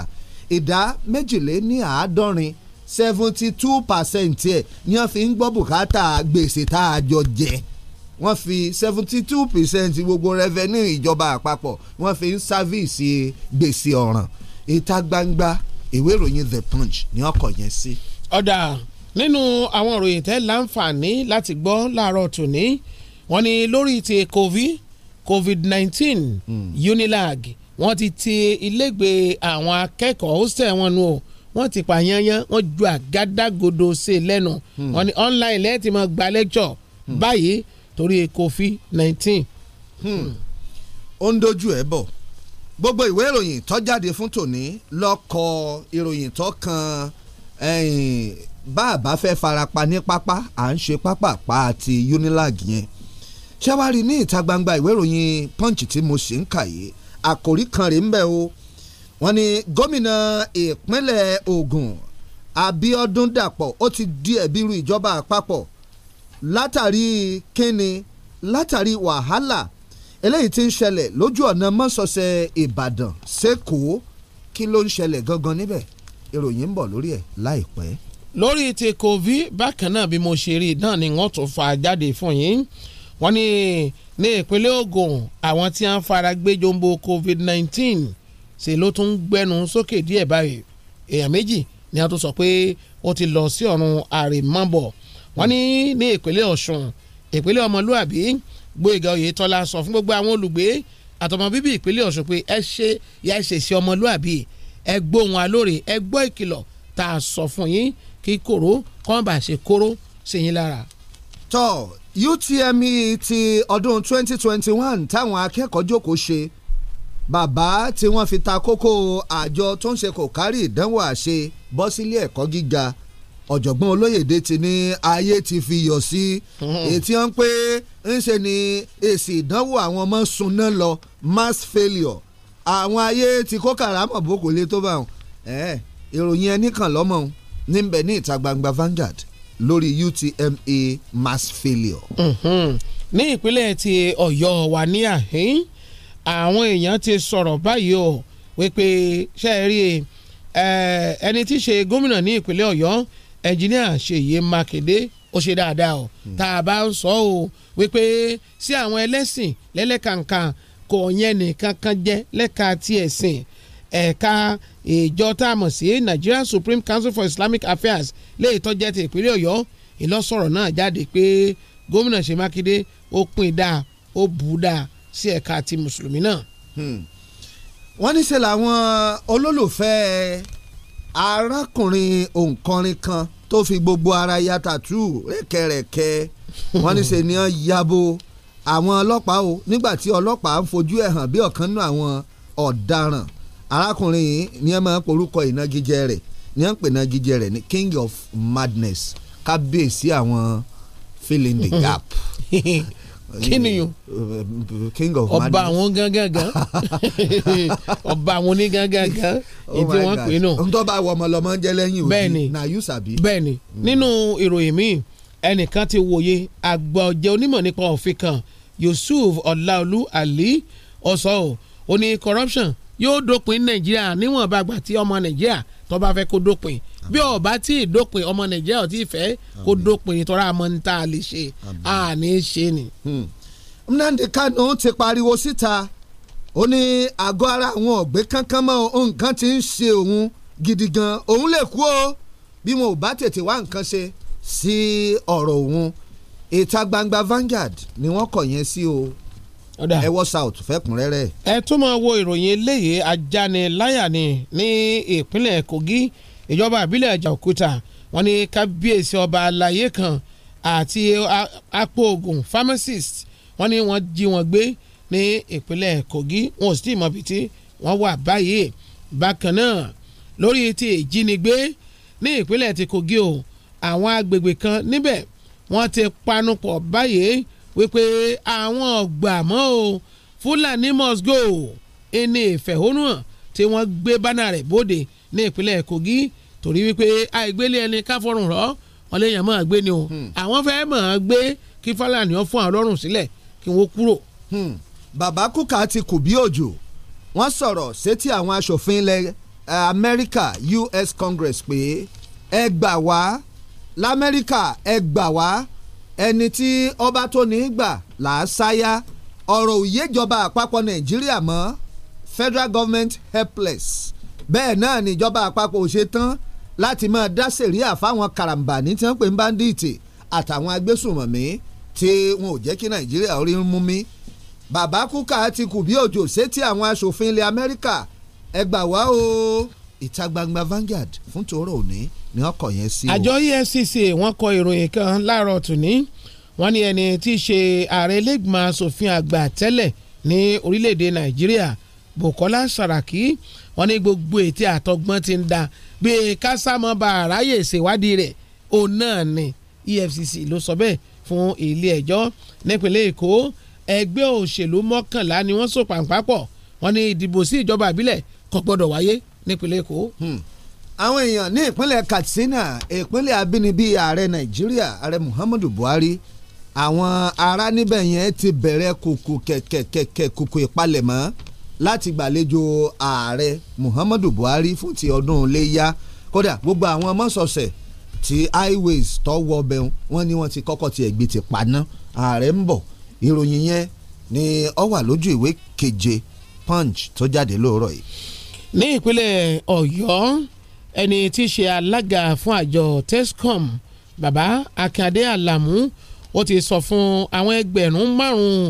ìdá méjìléní àádọ́rin seventy two percent ẹ̀ ni wọ́n fi ń gbọ́ bùkátà gbèsè tá a jọ jẹ wọ́n fi seventy two percent gbogbo revenue ìjọba àpapọ̀ wọ́n fi ń sáfíìsì gbèsè ọ̀ràn ìta gbangba ìwé ìròyìn the punch ni ọkọ̀ yẹn sí. ọ̀dà nínú àwọn ìròyìn tẹ́ láǹfààní láti gbọ́ láàárọ̀ tòní wọ́n ní lórí ti covid covid nineteen mm. unilag wọ́n ti ti ilégbèé àwọn akẹ́kọ̀ọ́ hostel wọn nù o wọ́n ti pa yanyan wọ́n ju àgádágodo sí i lẹ́nu hmm. wọ́n ní online lẹ́ẹ̀tì máa gba lecture hmm. báyìí torí covid nineteen. Hmm. ó ń dojú ẹ̀ bọ̀ gbogbo ìwé ìròyìn tó jáde fún tòní lọ́kọ̀ ìròyìn tó kan bá a bá fẹ́ farapa ní pápá à ń ṣe pápá pa àti unilag yẹn ṣẹ́wárí ní ìta gbangba ìwé ìròyìn punch tí mo sì ń kà yìí àkòrí kan rèé ń bẹ o wọ́n ní gómìnà ìpínlẹ̀ ogun Abíọ́dún Dàpọ̀ ó ti di ẹ̀bí ru ìjọba àpapọ̀ látàrí kíni látàrí wàhálà eléyìí tí ń ṣẹlẹ̀ lójú ọ̀nà mọ́sọ̀ọ̀sẹ̀ Ìbàdàn sẹ́kọ̀ọ́ kí ló ń ṣẹlẹ̀ gangan níbẹ̀ ìròyìn ń bọ̀ lórí ẹ̀ láìpẹ́. lórí ti covid bákan náà bí mo ṣe rí i náà ni wọ́n tún fa jáde fún yín wọ́n ní ní ìpínlẹ̀ Ògùn àwọn tí wọ́n fara gbé jombo covid nineteen ṣe ló tún gbẹnu sókè díẹ̀ báyìí èèyàn méjì ni a tún sọ pé ó ti lọ sí ọ̀run àrèmábọ̀ wọ́n ní ní ìpínlẹ̀ Ọ̀ṣun ìpínlẹ̀ ọmọlúàbí Gbóyèga Oyètọ́lá sọ fún gbogbo àwọn olùgbé àtọmọ bíbí ìpínlẹ̀ Ọ̀ṣun pé ẹ ṣe ya ṣèṣe ọmọlúàbí ẹ gbọ́ ohùn alóore ẹ gbọ́ ìkìlọ̀ tá a sọ fún yín kí kòró kọ́n bá ṣe kóró sí yín lára. tọ́ UTME ti ọdún 2021 táwọn akẹ́kọ̀ọ́ jókòó ṣe bàbá tí wọ́n fi ta kókó àjọ tó ń ṣe kò kárí ìdánwò àṣe bọ́ sílé ẹ̀kọ́ gíga ọ̀jọ̀gbọ́n olóyèdè ti ní ayé ti fi yọ̀ sí hmm. ètí wọn pé ńṣe ni èsì ìdánwò àwọn ọmọ sunná lọ mass failure àwọn ayé ti kó karamọ̀ bó kò lè tó bá wọn ìròyìn ẹni kan lọ́mọ níbẹ̀ ní ìta gbangba Vanguard lórí UTMA mass failure. Hmm. ní ìpínlẹ̀ ti Ọ̀yọ́ wà ní àhín àwọn èèyàn ti sọ̀rọ̀ báyìí o wípé ṣe é rí ẹni tí í ṣe gómìnà ní ìpínlẹ̀ Ọ̀yọ́ ẹnjìníà Ṣèyí Mákindé ó ṣe dáadáa o hmm. tá a bá ń sọ o wípé sí àwọn ẹlẹ́sìn lẹ́lẹ́kàǹkàn kò yẹn nìkan kan jẹ́ lẹ́ka ti ẹ̀sìn ẹ̀ka ìjọ tá a mọ̀ sí Nigeria Supreme Council for Islamic Affairs léyìí tó jẹ́ ti ìpínlẹ̀ Ọ̀yọ́ ìlọsọ̀rọ̀ náà jáde pé gómìnà Ṣèyí Mákindé ó pín dáa ó bù dáa sí ẹ̀ka ti mùsùlùmí náà. Hmm. wọ́n ní ṣe làwọn olólùfẹ́ arákùnrin òǹkọrin kan tó fi gbogbo ara ya tàtú rẹ̀kẹ̀rẹ̀kẹ̀ wọ́n ní ṣe ni wọ́n yabo àwọn ọlọ́pàá o nígbà tí ọlọ́pàá ń fojú ẹ̀ hàn bí ọ̀kan nínú àwọn ọ̀daràn arákùnrin yìí ni ẹ máa ń porúkọ ìnagijẹ rẹ̀ ni ẹ ń pè ìnagijẹ rẹ̀ ní king of madness kábíyèsí àwọn filling the gap kí ni yun king of madness ọba àwọn gangan gan ọba àwọn ní gangan gan ètò wọn pè nù. n tó bá wọ ọmọlọmọ jẹ lẹ́yìn òbí na you sabi. bẹ́ẹ̀ni mm. nínú ìròyìn míì ẹnìkan ti wòye àgbà ọ̀jẹ̀ onímọ̀ nípa òfin kan Yusuf Ọláolú Ali ọ̀sọ́ ò ní corruption yóò dópin nàìjíríà níwọ̀nba àgbà tí ọmọ nàìjíríà tó bá fẹ́ kó dópin bí ó bá tí ì dópin ọmọ nàìjíríà ò tí ì fẹ́ kó dópin tọ́ra àmọ́ ń tá a lè ṣe a ní í ṣe ni. Hmm. Nnamdi Kanu ti pariwo síta ó ní àgọ́ ara àwọn ọ̀gbẹ́ kankan mọ́ nǹkan tí ń ṣe òun gidi gan òun lè kú o bí wọn bá tètè wá nǹkan ṣe sí ọ̀rọ̀ òun ìta gbangba Vanguard ni wọ́n kọ̀ yẹn sí o ẹ wọ south fẹ́kúnrẹ́rẹ́. ẹ tún máa wo ìròyìn eléyìí ajániláyà ni ní ìpínlẹ̀ Kogi ìjọba ìbílẹ̀ Àjàòkúta wọ́n ní kábíyèsí ọba aláyé kan àti apò oògùn pharmacist wọ́n ní wọ́n jí wọn gbé ní ìpínlẹ̀ Kogi wọn ò sì mọ̀ bí tí wọ́n wà báyìí bákan náà lórí ti ìjínigbé ní ìpínlẹ̀ ti Kogi o àwọn agbègbè kan níbẹ̀ wọ́n ti panupọ̀ báyìí wípé àwọn ọ̀gbà mọ́ o Fúlàní must go ẹni ìfẹ̀hónúhàn tí wọ́n gbé bánà rẹ̀ bóde ní ìpínlẹ̀ Kogi torí wípé àìgbélé ẹni káfọ́rùn rọ́ wọn lè yàn máa gbé ni o hmm. àwọn fẹ́ máa gbé kí Fúlàní ọ fún àlọ́run sílẹ̀ kí wọ́n kúrò. Hmm. Bàbá Kúkà ti kù bí òjò wọ́n sọ̀rọ̀ sétí àwọn aṣòfin ilẹ̀ eh, Amẹ́ríkà US Congress pé ẹ gbà wá lamẹ́ríkà ẹ gbà wá ẹni tí ọba tó ní gbà làásáyá ọ̀rọ̀ òyéjọba àpapọ̀ nàìjíríà mọ́ federal government helpless bẹ́ẹ̀ náà níjọba àpapọ̀ ò ṣe tán láti máa dá sẹ̀ríà fáwọn karambani tí wọ́n pè ń báńdíìtì àtàwọn agbésùmọ̀mí tí wọn ò jẹ́ kí nàìjíríà orí ń mú mi bàbá kúkà ti kù bí òjò sétí àwọn aṣòfin ilẹ̀ amẹ́ríkà ẹ wá o ìta gbangba Vanguard fún tòórọ òní ni wọ́n kọ yẹn sí o. àjọ EFCC wọ́n kọ ìròyìn kan láàárọ̀ tòní wọ́n ní ẹni tí í ṣe ààrẹ lẹ́gbọ̀n asòfin àgbà tẹ́lẹ̀ ní orílẹ̀-èdè Nàìjíríà Bùkọ́lá Sàràkí wọ́n ní gbogbo ètí àtọgbọ́n ti ń da bí kásámọ́ba àráyè ṣèwádìí rẹ̀ òun náà ni EFCC ló sọ bẹ́ẹ̀ fún ilé ẹjọ́ nípínlẹ̀ Èkó ẹgbẹ́ òṣèlú mọ́kànlá ni wọ́n sọ pàǹpápọ̀ wọ́n ní ìdìbò sí ìjọba àbílẹ̀ kò gbọ́dọ̀ wáyé nípínlẹ̀ èkó hmm. àwọn èèyàn ní ìpínlẹ̀ katsina ìpínlẹ̀ abínibí ààrẹ nàìjíríà ààrẹ muhammadu buhari àwọn ará níbẹ̀ yẹn ti bẹ̀rẹ̀ kùkù kẹ̀kẹ̀kẹ̀ kùkù ìpalẹ̀mọ́ láti gbàlejò ààrẹ muhammadu buhari fún ti ọdún iléyá kódà gbogbo àwọn mọ́sọ̀ọ̀sẹ̀ tí highways tọ́wọ́ bẹ̀rù wọn ni wọ́n ti kọ́kọ́ ti ẹ̀gbẹ́ ti paná ààrẹ ń bọ̀ ìròyìn yẹn ni ó wà lójú ìwé keje punch tó jáde lóòrọ̀ yìí ní ìpínlẹ̀ ọ̀yọ́ ẹni tí í ṣe alága fún àjọ tescom bàbá akíndé alamu ó ti sọ fún àwọn ẹgbẹ̀rún márùn-ún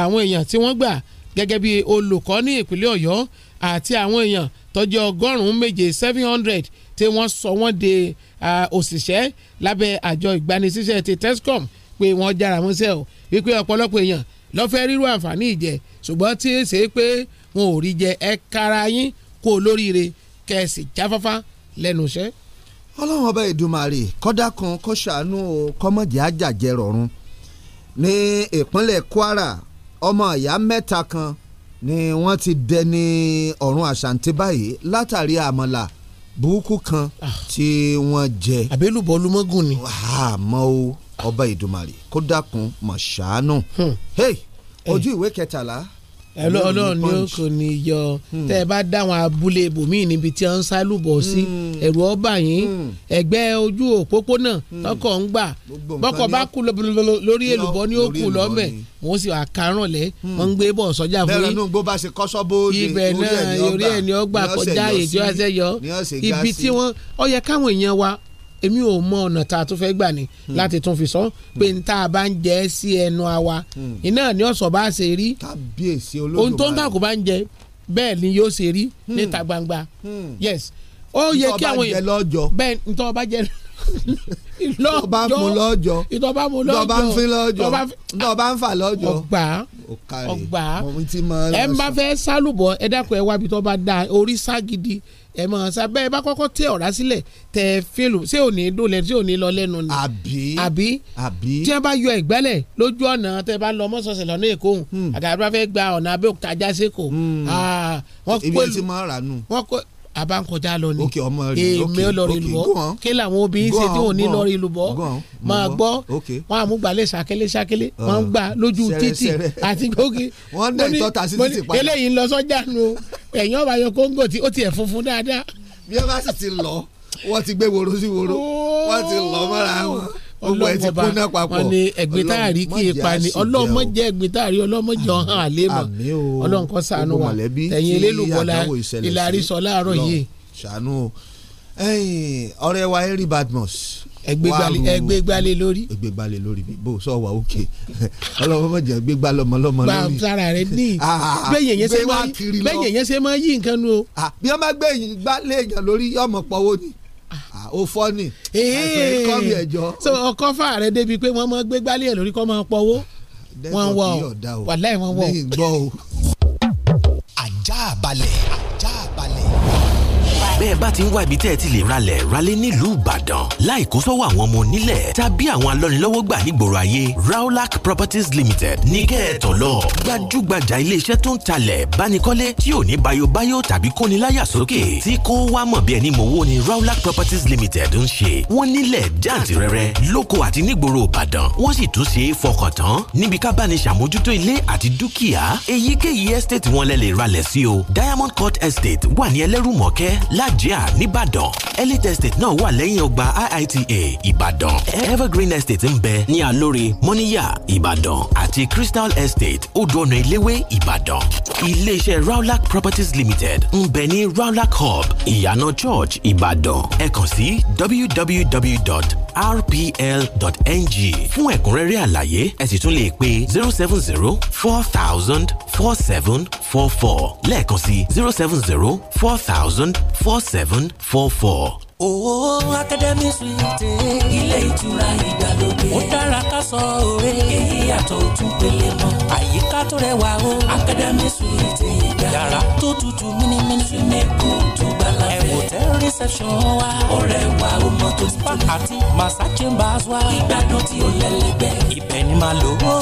àwọn èèyàn tí wọ́n gbà gẹ́gẹ́ bí olùkọ́ ní ìpínlẹ̀ ọ̀yọ́ àti àwọn èèyàn tó ọgọ́rùn-ún méje seven hundred tí wọ́n sọ wọ́n de òṣìṣẹ́ lábẹ́ àjọ ìgbanisíṣẹ́ ti tescom pé wọ́n jára wọn sẹ́ o wípé ọ̀pọ̀lọpọ̀ èèyàn ló fẹ́ rírú àǹfààní ìjẹ ṣùgbọ́n tí ó ṣe é pé wọn ò rí jẹ ẹ kára yín kó o lóríire kẹ̀sì jáfáfá lẹ́nu iṣẹ́. ọlọ́run ọba ìdùmarè kọ́dá kan kó ṣàánú kọ́mọ̀jì àjàjẹ rọ̀run ní ìpínlẹ̀ Kwara ọmọ ìyá mẹ́ta kan ni wọ́n ti dẹni ọ̀run àṣàǹtí báyìí látàrí àmàlà burúkú kan ah. tí wọ́n jẹ. àbẹ́lùbọ́ olúmọ́gùn ni. àmọ́ o ọba ìdùmarè kó dákun mọ̀ ṣàánú. Hmm. Eh. ojú ìwé kẹtàlá ọlọ́run ni ó kò ní yọ hmm. tẹ́ ẹ bá dáwọn abúlé ibòmíì níbi tí wọ́n ń sálùbọ̀ sí hmm. ẹ̀rù ọba yín hmm. ẹ̀gbẹ́ ojú òpópónà tọkọ̀ ń gbà bọ́kọ̀ bá kú lórí èlùbọ́ ni ó kù lọ́mẹ̀ wọ́n sì wà kárànlẹ́ wọ́n ń gbé bọ̀ sọ́jà fún yín. bẹ́ẹ̀ ni gbogbo bá ṣe kọ́sọ́ bó ibẹ̀ náà orí ẹ̀ ni ó gbà kọjá èjọ́ àṣẹyọ ibi tí wọ́n ó yẹ káwọn èèyàn wa èmi ò mọ ọ̀nà tá a tún fẹ́ gbà ni hmm. láti tún fi sọ hmm. pé n tá a bá ń jẹ sí ẹnu àwa hmm. iná ni ọ̀sọ̀ bá ṣe rí ohun tó ń tà kó bá ń jẹ bẹ́ẹ̀ ni yóò ṣe rí níta gbangba yes ó yẹ kí àwọn èèyàn bẹ́ẹ̀ ntọ́ ọba jẹ lọ́jọ́ ìtọ́ bá mú lọ́jọ́ ìtọ́ bá mú lọ́jọ́ ìtọ́ bá ń fin lọ́jọ́ ìtọ́ bá ń fà lọ́jọ́ ọgbà ọgbà ẹ ń bá fẹ́ sálùbọ̀ ẹ dákun ẹ wá tó bá dáa orí ságidi ẹ mọ̀ sábẹ́ ẹ bá kọ́kọ́ tẹ ọ̀rá sílẹ̀ tẹ fílù ṣé ò ní dúnlẹ̀ tí ò ní lọ lẹ́nu ni. àbí àbí àbí tí wọ́n bá yọ ìgbẹ́lẹ̀ lójú ọ̀nà tẹ bá lọ mọ́sọ̀ọ̀sẹ̀ lọ́nà èkó hmm. àgàbà fẹ́ gba ọ̀nà Abẹ́òkúta jásẹ́kọ̀ọ́ hmm. ah, wọ́n pẹ̀lú abánkọjá lọ ni èmi lọrí lùbọ kí làwọn obìnrin ṣe tí wọn ní lọrí lùbọ máa gbọ́ wọn àmúgbálẹ̀ ṣàkélé ṣàkélé ah, wọn ń gbà lójú títì àti gbógi wọn dẹ ìtọ́ta sí títì padà eléyìí ń lọ sọ́jà nu ẹ̀yìn ọba yọ kóńgò tí ó tiẹ̀ funfun dáadáa. bí wọ́n sì ti lọ wọ́n ti gbé woro sí woro wọ́n ti lọ mọ́ra wọn gbogbo ẹ ti kúnná papọ̀ wọn ni ẹ̀gbin táàrí kì í pa ni ọlọ́mọ jẹ́ ẹ̀gbin táàrí ọlọ́mọ jẹ́ ọ̀hán àlẹ́ mọ̀ ọlọ́run kó ṣàánú wa ẹ̀yin elélùbọ́lá ìlàrí sọ láàárọ̀ yìí. ṣàánú ọ̀rẹ́ wa Harry Badmus ẹgbẹgbale lórí. ẹgbẹgbale lórí bí bó sọ wà òkè ọlọmọ jẹ gbẹgbà lọmọlọmọ lórí. gba ara rẹ ní ah, bẹyẹ yẹn ṣe máa yí nǹkan nu o. Ah, bí wọn bá gbẹyìn gbálẹ̀ èèyàn lórí yọmọ pọwọ ni. Ah, ó fọ́ ni àìsàn ikọ́ so ọkọ fà rẹ débi pé wọ́n mọ gbé gbálí ẹ̀ lórí kọ́ mọ pọ́wó wọ́n wọ wàláì wọ́n wọ. lẹ́yìn balẹ̀ bẹ́ẹ̀ bá ti ń wá ibi tẹ́ ẹ ti lè ralẹ̀ ralé nílùú ìbàdàn láì kó sọ́wọ́ àwọn ọmọ onílẹ̀ tàbí àwọn alọ́nilọ́wọ́ gbà nígboro ayé raulac properties limited ní kẹ́ẹ̀tọ́ lọ gbajúgbajà iléeṣẹ́ tó ń talẹ̀ bánikọ́lé tí ò ní bayobayo tàbí kóniláyà sókè tí kò wá mọ̀ bí ẹni mọ̀wó ni raulac properties limited ń ṣe wọ́n nílẹ̀ jàǹtìrẹrẹ lóko àti nígboro ìbàdàn wọ́n sì tún ṣe é fọkàn tán níbi ká bá ní ṣàmójútó ilé àti dúkìá estate wọn lẹ diamond court estate wà ní ẹlẹ́rùmọ̀kẹ́ lá bàjẹ́à nìbàdàn elite estate náà wà lẹ́yìn ọgbà IITA ìbàdàn evergreen estate ń bẹ ní alórí mọ́níyà ìbàdàn àti crystal estate odòọ̀nà eléwé ìbàdàn iléeṣẹ́ Rawlac properties limited ń bẹ ní Rawlac hub ìyànà church ìbàdàn ẹ kàn sí www.rpl.ng fún ẹ̀kúnrẹ́rẹ́ àlàyé ẹ sì tún lè pe zero seven zero four thousand four seven four four lẹ́ẹ̀kan sí zero seven zero four thousand four 4744. Owó Akademi Suite. Ilé ìtura ìgbàlódé. Ó dára ká sọ òwe. Èyí yàtọ̀ òtún mọ́. Àyíká tó rẹwà o. Akademi Suite Yàrá tó tutù mímímí. Súnmẹ́kù tó gbàlá hotel reception wa. ọ̀rẹ́ wa ó mọ tó ti tó. àti massa chambers wa. ìgbádùn tí ó lẹ́lẹ́gbẹ́. ibẹ̀ ni màá lò ó.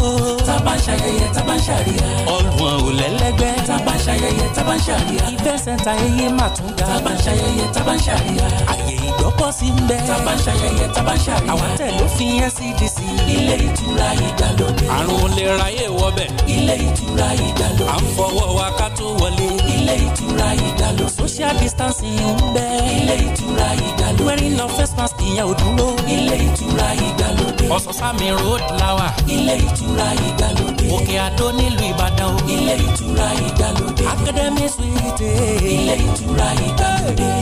tábà ń ṣayẹyẹ tábà ń ṣàríyá. ọ̀gbun ò lẹ́lẹ́gbẹ́. tábà ń ṣayẹyẹ tábà ń ṣàríyá. ìfẹ́ sẹ́ńtà eyé mà tún ga. tábà ń ṣayẹyẹ tábà ń ṣàríyá. àyè ìgbọ́kọ̀ sí ń bẹ. tábà ń ṣayẹyẹ tábà ń ṣàríyá. àwọn tẹ̀ ló fi NCDC. ilé ìtura ìdàlódé. àrùn olè ráyè wọbẹ̀. ilé ìtura ìdàlódé. à ń fọwọ́ wa ká tó wọlé. ilé ìtura ìdàlódé. social distancing ń b bẹ̀. ilé ìtura ìdàlódé. wearing of face mask ìyẹn ò dúró. ilé ìtura ìdàlódé. ọ̀sán-sámi road lawa. ilé ìtura ìdàlódé. òkè àdó nílùú ìbàdàn o. ilé ìtura ìdàlódé. academy suite. ilé ìtura ìdàlódé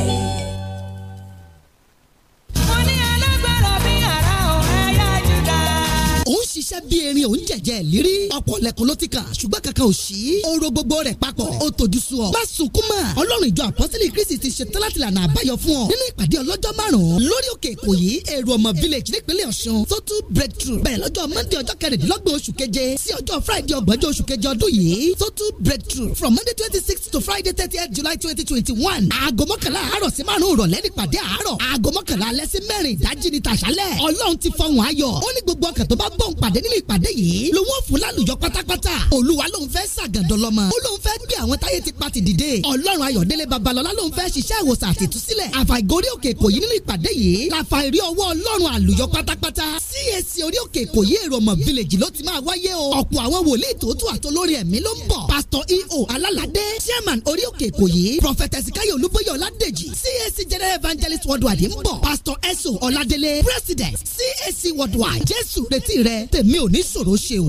ṣiṣẹ́ bí erin òun jẹ̀jẹ̀ lérí ọ̀pọ̀ lẹ́kùn ló ti kà ṣùgbọ́n kankan ò sí oró gbogbo rẹ̀ papọ̀ ó tòjú sú ọ. báṣu kuma ọlọ́run ìjọ àpọ́sílẹ̀ kristi ti ṣe tálátìlànà àbáyọ fún ọ nínú ìpàdé ọlọ́jọ́ márùn-ún lórí òkè èkó yìí èrò ọmọ village nípínlẹ̀ ọ̀ṣun tó breakthrough bẹ̀rẹ̀ lọ́jọ́ monday ọjọ́ kẹrìndínlọ́gbọ̀n oṣù keje sí ọjọ́ friday ọgbọ̀njọ́ oṣù keje ọdún yìí tó breakthrough from monday twenty six to friday thirty july twenty twenty one aago mọ́kànlá àárọ̀ sí márùn-ún ìrọ̀lẹ́ nípàdé àárọ̀ aago mọ́kànlá alẹ́ sí mẹ́rin ìdájí ni tàṣálẹ̀ ọlọ́run pàdé nínú ìpàdé yìí lòun ò fún lálùjọ pátápátá olúwa lòun fẹ́ ṣàgàdọ̀ lọ́mọ ó lòun fẹ́ gbé àwọn táyé ti pa ti dìde ọlọ́run ayọ̀délé babalọ́lá lòun fẹ́ ṣiṣẹ́ ìwòsàn àtìtúsílẹ̀ àfàìgórí òkè èkó yìí nínú ìpàdé yìí làfà ọwọ́ ọlọ́run àlùyọ pátápátá CAC orí òkè èkó yìí èrò ọmọ village ló ti máa wáyé o ọ̀pọ̀ àwọn wòlíì tòótọ́ àtolórí ẹ̀mí ló ń bọ̀ pastor eo alálàdé chairman orí òkè èkó yìí prophet ezekiel olúbóyè ọládèjì CAC general evangelist worldwide ń bọ̀ pastor eso ọládélé president CAC worldwide jésù retí rẹ tèmi ò ní ṣòro ṣe o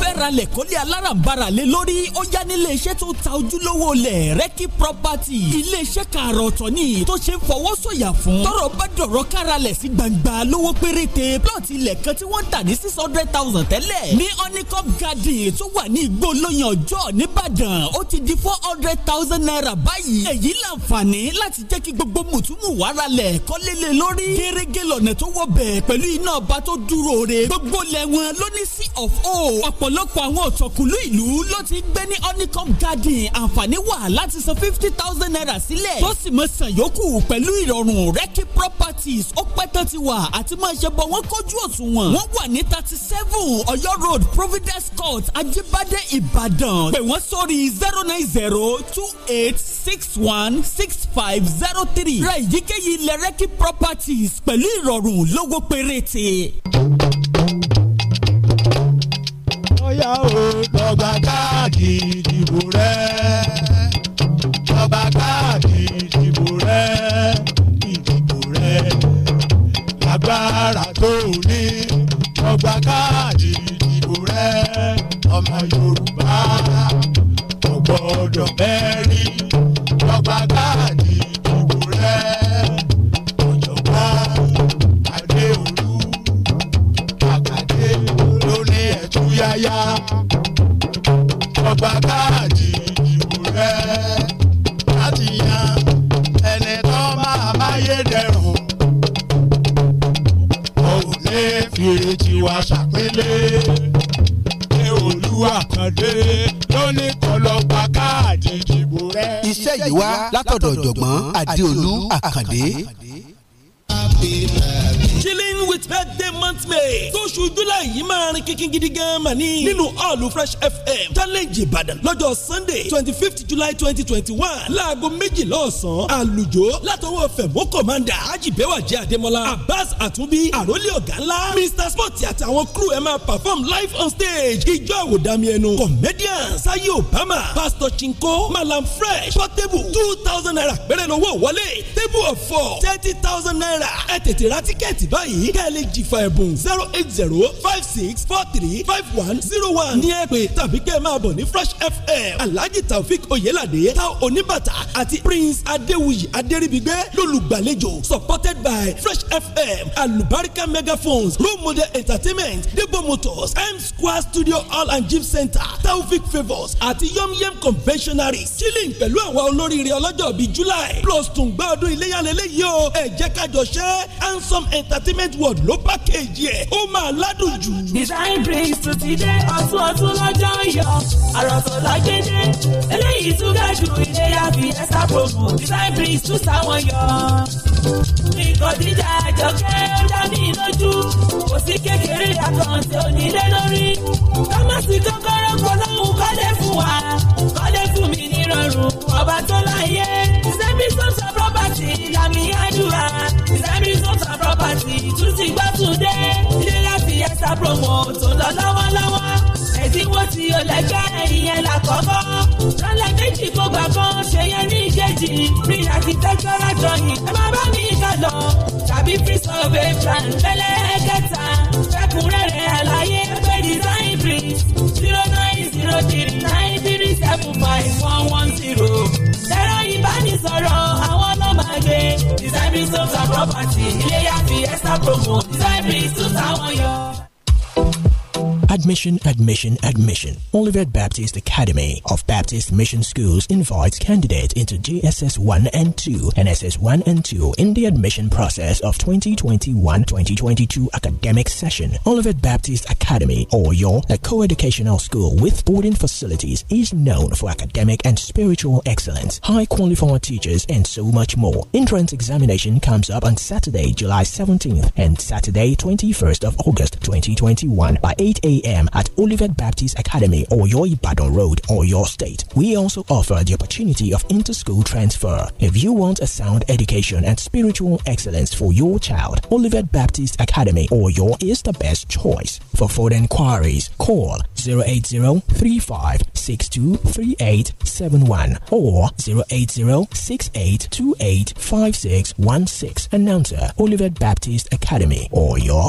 fẹ́ ra lẹ̀ kọ́lé alárànbarà lé lórí ó yá nílé iṣẹ́ tó ta ojúlówó lẹ̀ rẹ́kí property ilé iṣẹ́ kààrọ̀ ọ̀tọ̀ ni tó ṣe ń fọwọ́ sọ̀yà fún tọ́rọ̀ bá dọ̀rọ̀ kára lẹ̀ sí gbangba lówó péréte plọ̀tì ilẹ̀ kan tí wọ́n tà ní six hundred thousand tẹ́lẹ̀ ní honeycomb garden tó wà ní igbó lóyìn ọjọ́ nìbàdàn ó ti di four hundred thousand naira báyìí èyí láǹfààní láti jẹ́ kí gbogbo mùtúmù wàrà lẹ̀ kọ́lé lé lórí gẹ́gẹ́ lọ́nà tó wọ bẹ̀ pẹ̀lú iná ọba tó dúró re gbogbo of o ọ̀pọ̀lọpọ̀ àwọn òtọ̀kùlú ìlú ló ti ń gbé ní honeycomb garden àǹfààní wà láti san fifty thousand naira sílẹ̀ tó sì mọ san yòókù pẹ̀lú ìrọ̀rùn rẹ́kì properties ó pẹ́ tán ti wà àti máa ṣe bọ̀ wọ́n kójú òṣùwọ̀n wọ́n wà ní thirty seven ọ̀yọ́ road providence court ajibade ìbàdàn pè wọ́n sórí zero nine zero two eight six one six five zero three ra èyíkéyìí ilẹ̀ rẹ́kì properties pẹ̀lú ìrọ̀rùn lówó péréte ọ̀yá o lọ́gbà káàdì ìdìbò rẹ lọ́gbà káàdì ìdìbò rẹ ìdìbò rẹ lágbára tó ní lọ́gbà káàdì ìdìbò rẹ ọmọ Yorùbá ọgbọ́dọ̀ bẹ́ẹ̀ rí lọ́gbà káàdì. yáyá ọgbà káàdì ìdìbò rẹ láti yan ẹni tó máa máyédẹrùn òun ní fèrè tiwa ṣàpélé ní olúwa kan dé lónìí kọ́ lọ́pàá káàdì ìdìbò rẹ. iṣẹ́ yìí wá látọ̀dọ̀ ọ̀jọ̀gbọ́n adéolú àkàndé. happy birthday sweet birthday month may tóṣù july yìí máa rin kíkín gidi gan mà ní. nínú ọ̀ọ̀lù fresh fm challenge ìbàdàn lọ́jọ́ sunday twenty fifth july twenty twenty one láago méjìlá ọ̀sán àlùjọ látọwọ́ fẹ̀mú kọ̀mándà ajíbẹ́wàjẹ́ adémọ́lá abbas àtúnbí àròlé ọ̀gá ńlá mr sport àti àwọn crew ẹ̀ máa perform live on stage ìjọ àwòdàmì ẹnu comedian sayo obama pastor chinko malam fresh portable two thousand naira péré lówó wọlé table of four thirty thousand naira ẹ̀ tètè ra tíkẹ́ẹ̀tì báyìí kẹ́ ẹ lè jìfà ẹ̀bùn zero eight zero five six four three five one zero one ní ẹ tàbí kẹ́ ẹ máa bọ̀ ní fresh fm alhaji taofik oyelade tao oníbàtà àti prince adéwuyì adéríbigbé lólùgbàlejò supported by fresh fm alubarika megaphones role model entertainment debo motors m square studio hall and gym center taofik favours àti yomyem conventionaries chilling pẹ̀lú àwọn olóríire ọlọ́jọ́ bíi july plus tùǹgbà ọdún iléyàlélẹ́yìí o ẹ jẹ́ ká handsome entertainment world ọ̀tún ló bá kejì ẹ̀ ó máa ládùn jù. design brings to ti dé ọ̀tún ọ̀tún lọ́jọ́ ń yọ àròsọ lágbèdè eléyìí tún ga jù ìlera fiesta promo design brings tún sáwọn yọ. nǹkan jíjà àjọkẹ́ ó dá mi lójú kò sí kékeré àkàǹtì onílé lórí kámásì kọ́kọ́rọ́ polówó kọ́lé fún wa kọ́lé fún mi nírọ̀rùn ọba tó láyé sẹ́bí sọ́sọ́ property làmì àdúrà. Prime Resort and Property tún ti gbọ́ túndé ilé láti ẹ̀sà promo tó lọ lọ́wọ́lọ́wọ́ ẹ̀dínwó tí o lẹ́gbẹ́ ìyẹn là kọ́kọ́ lọ́lẹ̀ méjì kó gbà kan ṣe yẹn ní ìkejì free architectural drawing ẹ má bá mi kà lọ tàbí free survey plan lẹ́lẹ́ kẹta fẹ́kúnrẹ́rẹ́ àlàyé pé design bricks zero nine zero three nine three seven five one one zero ẹ̀rọ ìbánisọ̀rọ̀ àwọn holiday design homes and property ilé yá fi extra promo design tún táwọn yọ. Admission, admission, admission. Olivet Baptist Academy of Baptist Mission Schools invites candidates into JSS 1 and 2 and SS 1 and 2 in the admission process of 2021-2022 academic session. Olivet Baptist Academy or your a co-educational school with boarding facilities is known for academic and spiritual excellence, high qualified teachers and so much more. Entrance examination comes up on Saturday, July 17th and Saturday 21st of August 2021 by 8 a.m a.m. at Olivet Baptist Academy or your Ibadan Road or your state. We also offer the opportunity of inter-school transfer. If you want a sound education and spiritual excellence for your child, Olivet Baptist Academy or your is the best choice. For further inquiries, call 080 35 or 080 Announcer Olivet Baptist Academy or your.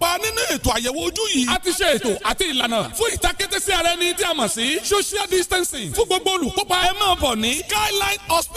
kópa nínú ètò àyẹ̀wò ojú yìí. a ti ṣe ètò àti ìlànà fún ìtakété sí ara ẹni tí a mọ̀ sí social distancing fún gbogbo olùkópa ẹ máa bọ̀ ní skyline hospital